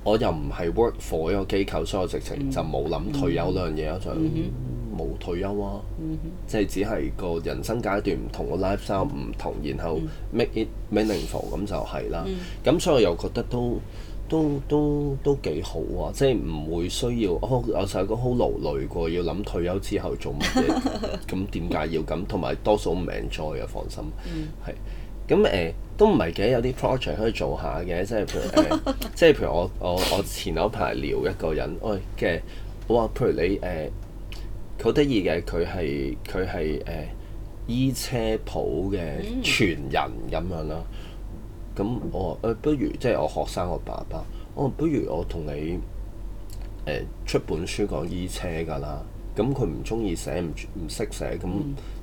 我又唔係 work for 一個機構，所以我直情就冇諗退休呢樣嘢我就冇、mm hmm. 退休啊，mm hmm. 即係只係個人生階段唔同個 lifestyle 唔同，然後 make it meaningful 咁就係啦。咁、mm. 所以我又覺得都都都都，都幾好啊！即係唔會需要我有時候好勞累過要諗退休之後做乜嘢，咁點解要咁？同埋多數唔 enjoy 啊，放心，係咁誒。都唔係嘅，有啲 project 可以做下嘅，即係譬如誒，呃、 即係譬如我我我前嗰排聊一個人，哎、我嘅我話譬如你誒，好得意嘅佢係佢係誒醫車鋪嘅傳人咁樣啦。咁、嗯、我誒、呃、不如即係我學生我爸爸，我不如我同你誒、呃、出本書講醫車㗎啦。咁佢唔中意寫唔唔識寫，咁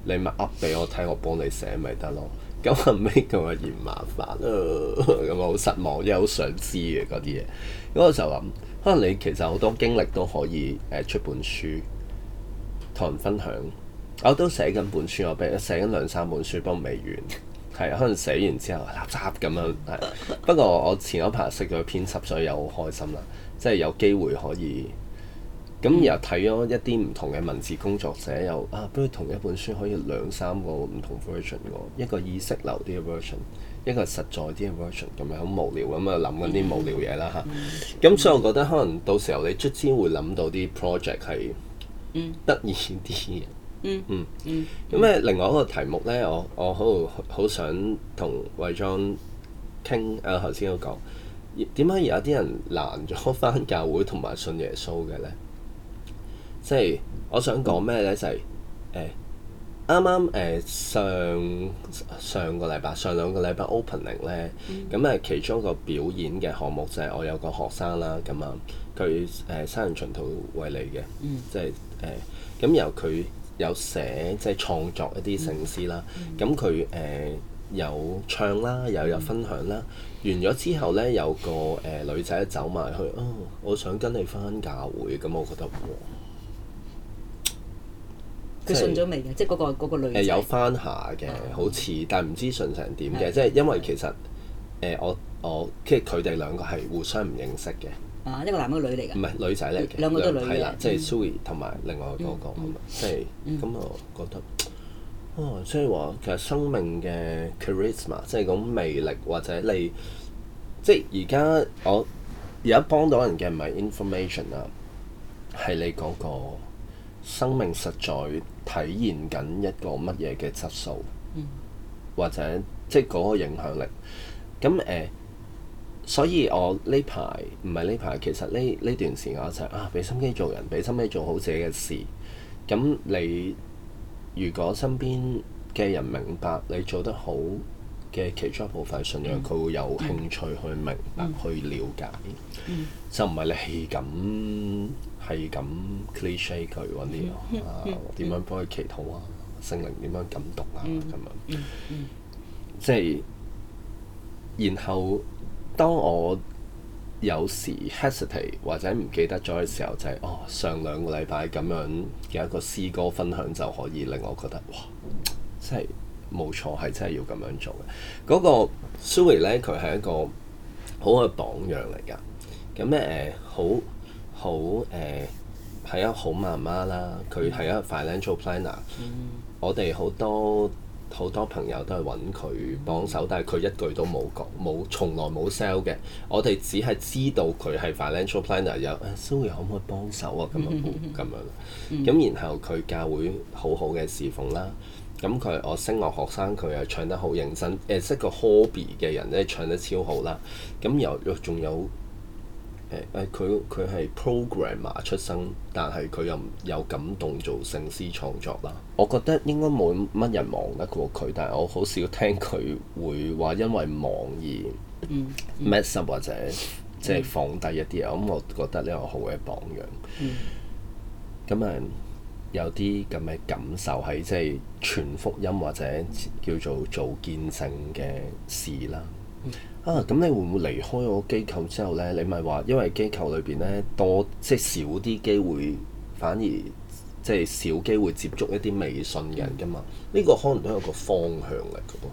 你咪 up 俾我睇，我幫你寫咪得咯。嗯 咁後尾咁啊嫌麻煩啊，又我好失望，因為好想知嘅嗰啲嘢。咁我就諗，可能你其實好多經歷都可以誒出本書，同人分享。我都寫緊本書，我俾寫緊兩三本書，都未完。係，可能寫完之後垃圾咁樣。係，不過我前一排識咗編輯，所以又好開心啦，即係有機會可以。咁又睇咗一啲唔同嘅文字工作者又，又啊，不如同一本書可以兩三個唔同 version 嘅，一個意識流啲嘅 version，一個實在啲嘅 version，咁樣好無聊咁啊，諗緊啲無聊嘢啦嚇。咁所以我覺得可能到時候你卒之會諗到啲 project 係得意啲嘅，嗯 嗯咁啊，另外一個題目咧，我我好好，好，好想同惠莊傾啊，頭先都講點解而家啲人難咗返教會同埋信耶穌嘅咧？即係我想講咩咧？就係誒啱啱誒上上個禮拜、上兩個禮拜 opening 咧、嗯，咁啊、嗯，其中一個表演嘅項目就係我有個學生啦，咁啊，佢誒三人巡途為你嘅，即係誒咁由佢有寫即係創作一啲聖詩啦。咁佢誒有唱啦，又有分享啦。嗯、完咗之後咧，有個誒、呃、女仔走埋去啊、哦，我想跟你返教會。咁我覺得、哦佢信咗未嘅？即係嗰個女。誒有翻下嘅，好似，但係唔知信成點嘅。即係因為其實誒我我即係佢哋兩個係互相唔認識嘅。啊，一個男一個女嚟嘅。唔係女仔嚟嘅。兩個都女嘅。係啦，即係 Sue 同埋另外嗰個吖嘛，即係咁我覺得，哦，即係話其實生命嘅 charisma，即係嗰魅力或者你，即係而家我而家幫到人嘅唔係 information 啊，係你嗰個生命實在。體現緊一個乜嘢嘅質素，嗯、或者即係嗰個影響力。咁誒、呃，所以我呢排唔係呢排，其實呢呢段時間我就係、是、啊，俾心機做人，俾心機做好自己嘅事。咁你如果身邊嘅人明白你做得好。嘅其中一部分信仰，佢會有興趣去明白、嗯、去了解，嗯、就唔係你係咁係咁 cliche 佢嗰啲啊，點樣，嗯、幫佢祈禱啊，聖靈點樣感動啊咁樣，嗯嗯嗯、即係然後當我有時 hesitate 或者唔記得咗嘅時候，嗯、就係、是、哦上兩個禮拜咁樣有一個詩歌分享就可以令我覺得哇，即係～冇錯，係真係要咁樣做嘅。嗰、那個 Sue 咧，佢係一個好嘅榜樣嚟㗎。咁咧誒，好好誒，係、呃、一個好媽媽啦。佢係一個 financial planner。Mm hmm. 我哋好多好多朋友都係揾佢幫手，但係佢一句都冇講，冇，從來冇 sell 嘅。我哋只係知道佢係 financial planner 有 Sue 可唔可以幫手啊？咁樣咁、mm hmm. 樣咁，然後佢教會好好嘅侍奉啦。咁佢我聲樂學，學生，佢又唱得好認真。誒、呃、識個 hobby 嘅人咧，唱得超好啦。咁又仲有誒佢佢係 programmer 出身，但係佢又有感動做聖詩創作啦、啊。我覺得應該冇乜人忙得過佢，但係我好少聽佢會話因為忙而 mes、嗯嗯、s up 或者即係放低一啲啊。咁、嗯嗯、我覺得呢個好嘅榜樣。咁啊、嗯、～、嗯嗯有啲咁嘅感受喺即係傳福音或者叫做做見證嘅事啦。嗯、啊，咁你會唔會離開個機構之後呢？你咪話因為機構裏邊呢，多即係少啲機會，反而即係少機會接觸一啲未信嘅人噶嘛？呢、這個可能都有個方向嚟嘅噃。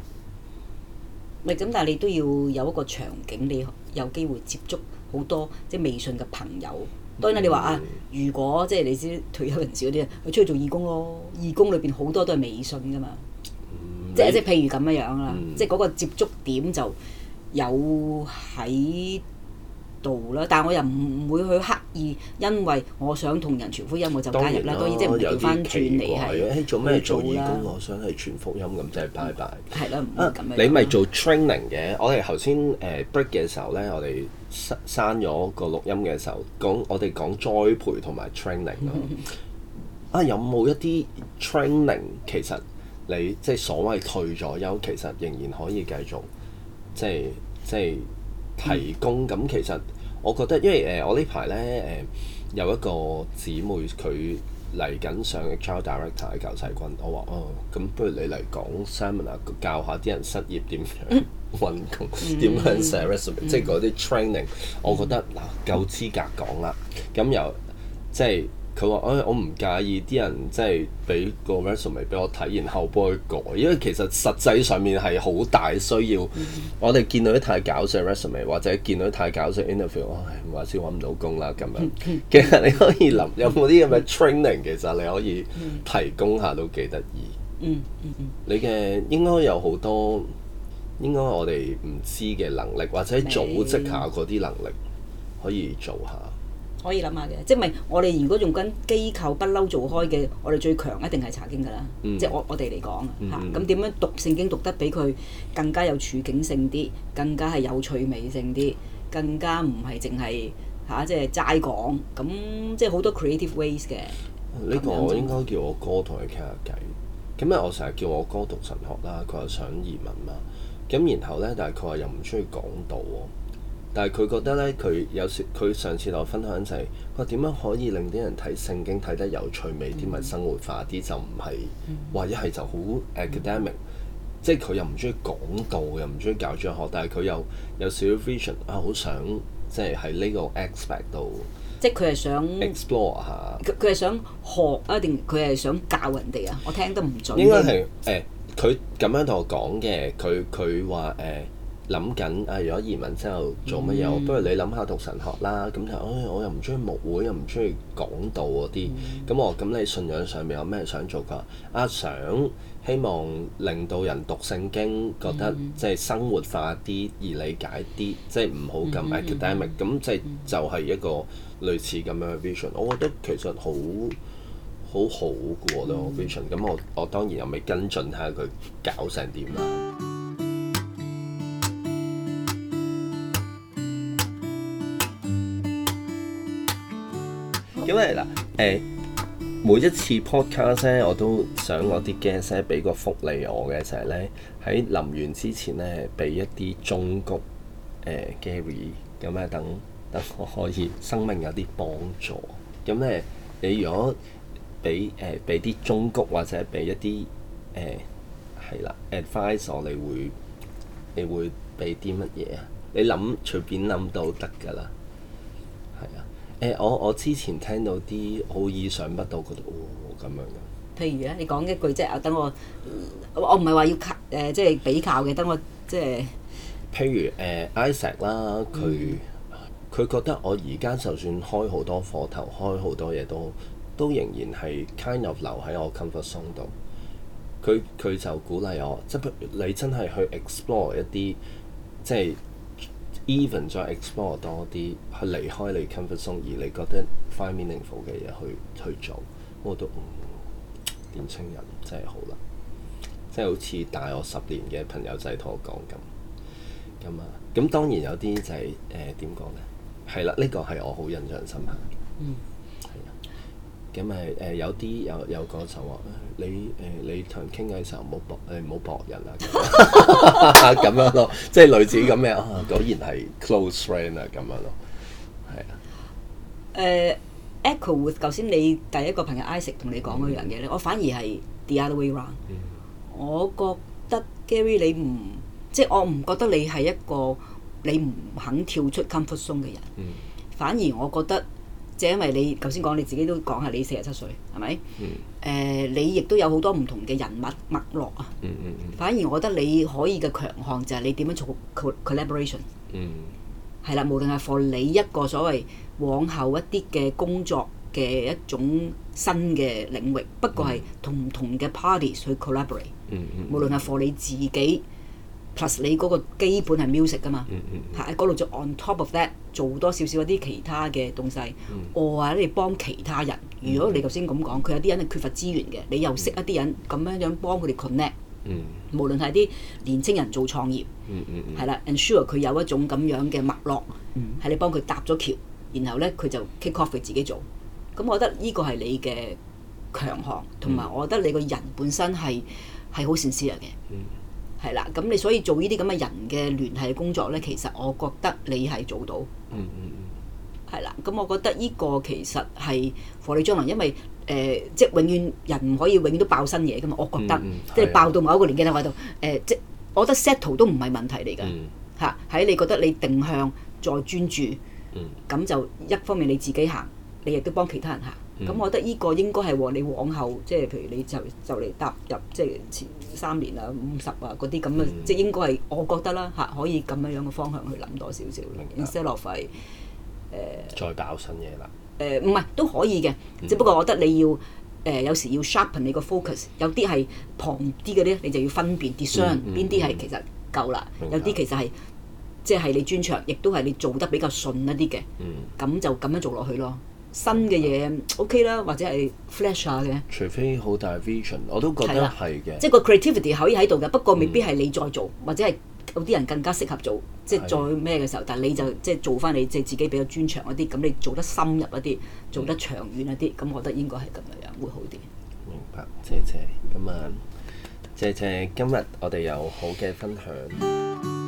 咪咁，但係你都要有一個場景，你有機會接觸好多即係、就是、未信嘅朋友。當然啦，你話啊，如果即係你知退休人士嗰啲啊，佢的出去做義工咯，義工裏邊好多都係微信㗎嘛，的即係即係譬如咁樣啦，的即係嗰個接觸點就有喺度啦，但係我又唔會去刻意，因為我想同人傳福音，我就加入啦。當然即係唔調翻轉嚟係做咩做義工，啦我想去傳福音咁，即、就、係、是、拜拜。係咯、嗯，咁、啊、你咪做 training 嘅？我哋頭先誒 break 嘅時候咧，我哋刪咗個錄音嘅時候講，我哋講栽培同埋 training 咯。嗯、哼啊，有冇一啲 training？其實你即係所謂退咗休，其實仍然可以繼續，即係即係。即嗯、提供咁其實我覺得，因為誒、呃、我呢排咧誒有一個姊妹佢嚟緊上 child director 嘅教細君，我話哦，咁不如你嚟講 seminar 教下啲人失業點樣揾工，點、嗯、樣寫 resume，、嗯、即係嗰啲 training，、嗯、我覺得嗱、嗯、夠資格講啦。咁由即係。佢話：哎，我唔介意啲人即係俾個 resume 俾我睇，然後幫佢改。因為其實實際上面係好大需要。我哋見到啲太搞笑 resume，或者見到啲太搞笑 interview，哇、哎，話先揾唔到工啦咁樣。嗯嗯、其實你可以諗，有冇啲咁嘅 training？其實你可以提供下都幾得意。嗯嗯嗯、你嘅應該有好多，應該我哋唔知嘅能力，或者組織下嗰啲能力，你可以做下。可以諗下嘅，即係唔係我哋如果用緊機構不嬲做開嘅，我哋最強一定係查經噶啦。嗯、即係我我哋嚟講，咁點樣讀聖經讀得比佢更加有處境性啲，更加係有趣味性啲，更加唔係淨係嚇，即係齋講。咁即係好多 creative ways 嘅。呢這個樣我應該叫我哥同佢傾下偈。咁啊，我成日叫我哥讀神學啦，佢話想移民嘛。咁然後呢，但係佢又唔中意講道但係佢覺得咧，佢有時佢上次同我分享就係佢點樣可以令啲人睇聖經睇得有趣味啲咪、嗯、生活化啲就唔係，或者係就好 academic，、嗯、即係佢又唔中意講道，嗯、又唔中意教主日學，嗯、但係佢又有少少 vision 啊，好想即係喺呢個 aspect 度，即係佢係想 explore 下，佢佢係想學啊，定佢係想教人哋啊？我聽得唔準。應該係誒，佢、呃、咁樣同我講嘅，佢佢話誒。諗緊啊，如果移民之後做乜嘢？嗯、我不如你諗下讀神學啦。咁就誒、哎，我又唔中意牧會，又唔中意講道嗰啲。咁、嗯、我咁你信仰上面有咩想做㗎？啊，想希望令到人讀聖經，覺得即係生活化啲而理解啲，即係唔好咁 academic。咁即就、嗯嗯、就係一個類似咁樣嘅 vision。我覺得其實好好好嘅喎，呢個 vision、嗯。咁我我當然又未跟進下佢搞成點啦。因為嗱，誒、嗯、每一次 podcast 咧，我都想我啲 guest 俾個福利我嘅就係咧，喺臨完之前咧，俾一啲忠告誒、呃、Gary 咁啊，等等我可以生命有啲幫助。咁咧，你如果俾誒俾啲忠告或者俾一啲誒係啦 advice 你會你會俾啲乜嘢啊？你諗隨便諗到得㗎啦～誒我我之前聽到啲好意想不到，覺得喎咁樣嘅。譬如咧，你講一句即係等我，我唔係話要誒、呃、即係比較嘅，等我即係。譬如誒、呃、，Isaac 啦，佢佢、嗯、覺得我而家就算開好多貨頭，開好多嘢都都仍然係 kind of 留喺我 comfort zone 度。佢佢就鼓勵我，即、就、不、是、你真係去 explore 一啲即係。就是 Even 再 explore 多啲，去離開你 comfort zone 而你覺得 find meaningful 嘅嘢去去做，我都年青人真係好啦，即係好似大我十年嘅朋友仔同我講咁，咁、嗯、啊，咁當然有啲就係誒點講呢？係啦，呢、呢個係我好印象深刻。嗯咁咪誒有啲有有歌手話：你誒、呃、你同人傾偈嘅時候唔好駁誒唔好駁人啊！咁樣咯， 即係類似咁樣、啊。果然係 close friend 啊！咁樣咯，係啊。誒，echo with 頭先你第一個朋友 Isaac 同你講嗰樣嘢咧，mm hmm. 我反而係 the other way round、mm。Hmm. 我覺得 Gary 你唔即係我唔覺得你係一個你唔肯跳出 comfort zone 嘅人，mm hmm. 反而我覺得。就係因為你頭先講你自己都講下你四十七歲係咪？誒，你亦、嗯呃、都有好多唔同嘅人物脈絡啊。嗯嗯、反而我覺得你可以嘅強項就係你點樣做 collaboration。係、嗯、啦，無論係 for 你一個所謂往後一啲嘅工作嘅一種新嘅領域。不過係同唔同嘅 parties 去 collaborate、嗯嗯嗯、無論係 for 你自己。Plus, 你嗰個基本係 music 噶嘛，係喺嗰度就 on top of that 做多少少一啲其他嘅東西，or 啊、mm hmm. 你幫其他人。如果你頭先咁講，佢有啲人係缺乏資源嘅，你又識一啲人咁樣樣幫佢哋 connect、mm。Hmm. 無論係啲年青人做創業，係啦、mm hmm. ensure 佢有一種咁樣嘅脈絡，係、mm hmm. 你幫佢搭咗橋，然後咧佢就 kick off 佢自己做。咁我覺得呢個係你嘅強項，同埋我覺得你個人本身係係好善思人嘅。Mm hmm. 的係啦，咁你所以做呢啲咁嘅人嘅聯繫工作咧，其實我覺得你係做到。嗯嗯嗯。係、嗯、啦，咁我覺得呢個其實係 foresee 將來，因為誒、呃，即係永遠人唔可以永遠都爆新嘢噶嘛。我覺得、嗯嗯、即係爆到某一個年紀啦，話、呃、到即我覺得 settle 都唔係問題嚟㗎。嚇、嗯，喺你覺得你定向再專注，咁、嗯、就一方面你自己行，你亦都幫其他人行。咁、嗯、我覺得呢個應該係和你往後，即係譬如你就就嚟踏入即係、就是、前，前。三年啊，五十啊，嗰啲咁啊，嗯、即係應該係我覺得啦，嚇、啊、可以咁樣樣嘅方向去諗多少少。Instead of 係、呃、再搞新嘢啦。誒唔係都可以嘅，嗯、只不過我覺得你要誒、呃、有時要 sharpen 你個 focus，有啲係旁啲嗰啲，你就要分辨 discern 邊啲係其實夠啦，有啲其實係即係你專長，亦都係你做得比較順，順一啲嘅。嗯，咁、嗯、就咁樣做落去咯。新嘅嘢 O K 啦，Yeah. okay, 或者係 flash 下嘅。除非好大 vision，我都覺得係嘅。即係的、嗯、個 creativity 可以喺度嘅，不過未必係你再做，嗯、或者係有啲人更加適合做，即係做咩嘅時候。的但係你就即係、就是、做翻你即係自己比較專長一啲，咁你做得深入一啲，嗯、做得長遠一啲，咁我覺得應該係咁樣樣會好啲。明白，謝謝。今晚謝謝今日我哋有好嘅分享。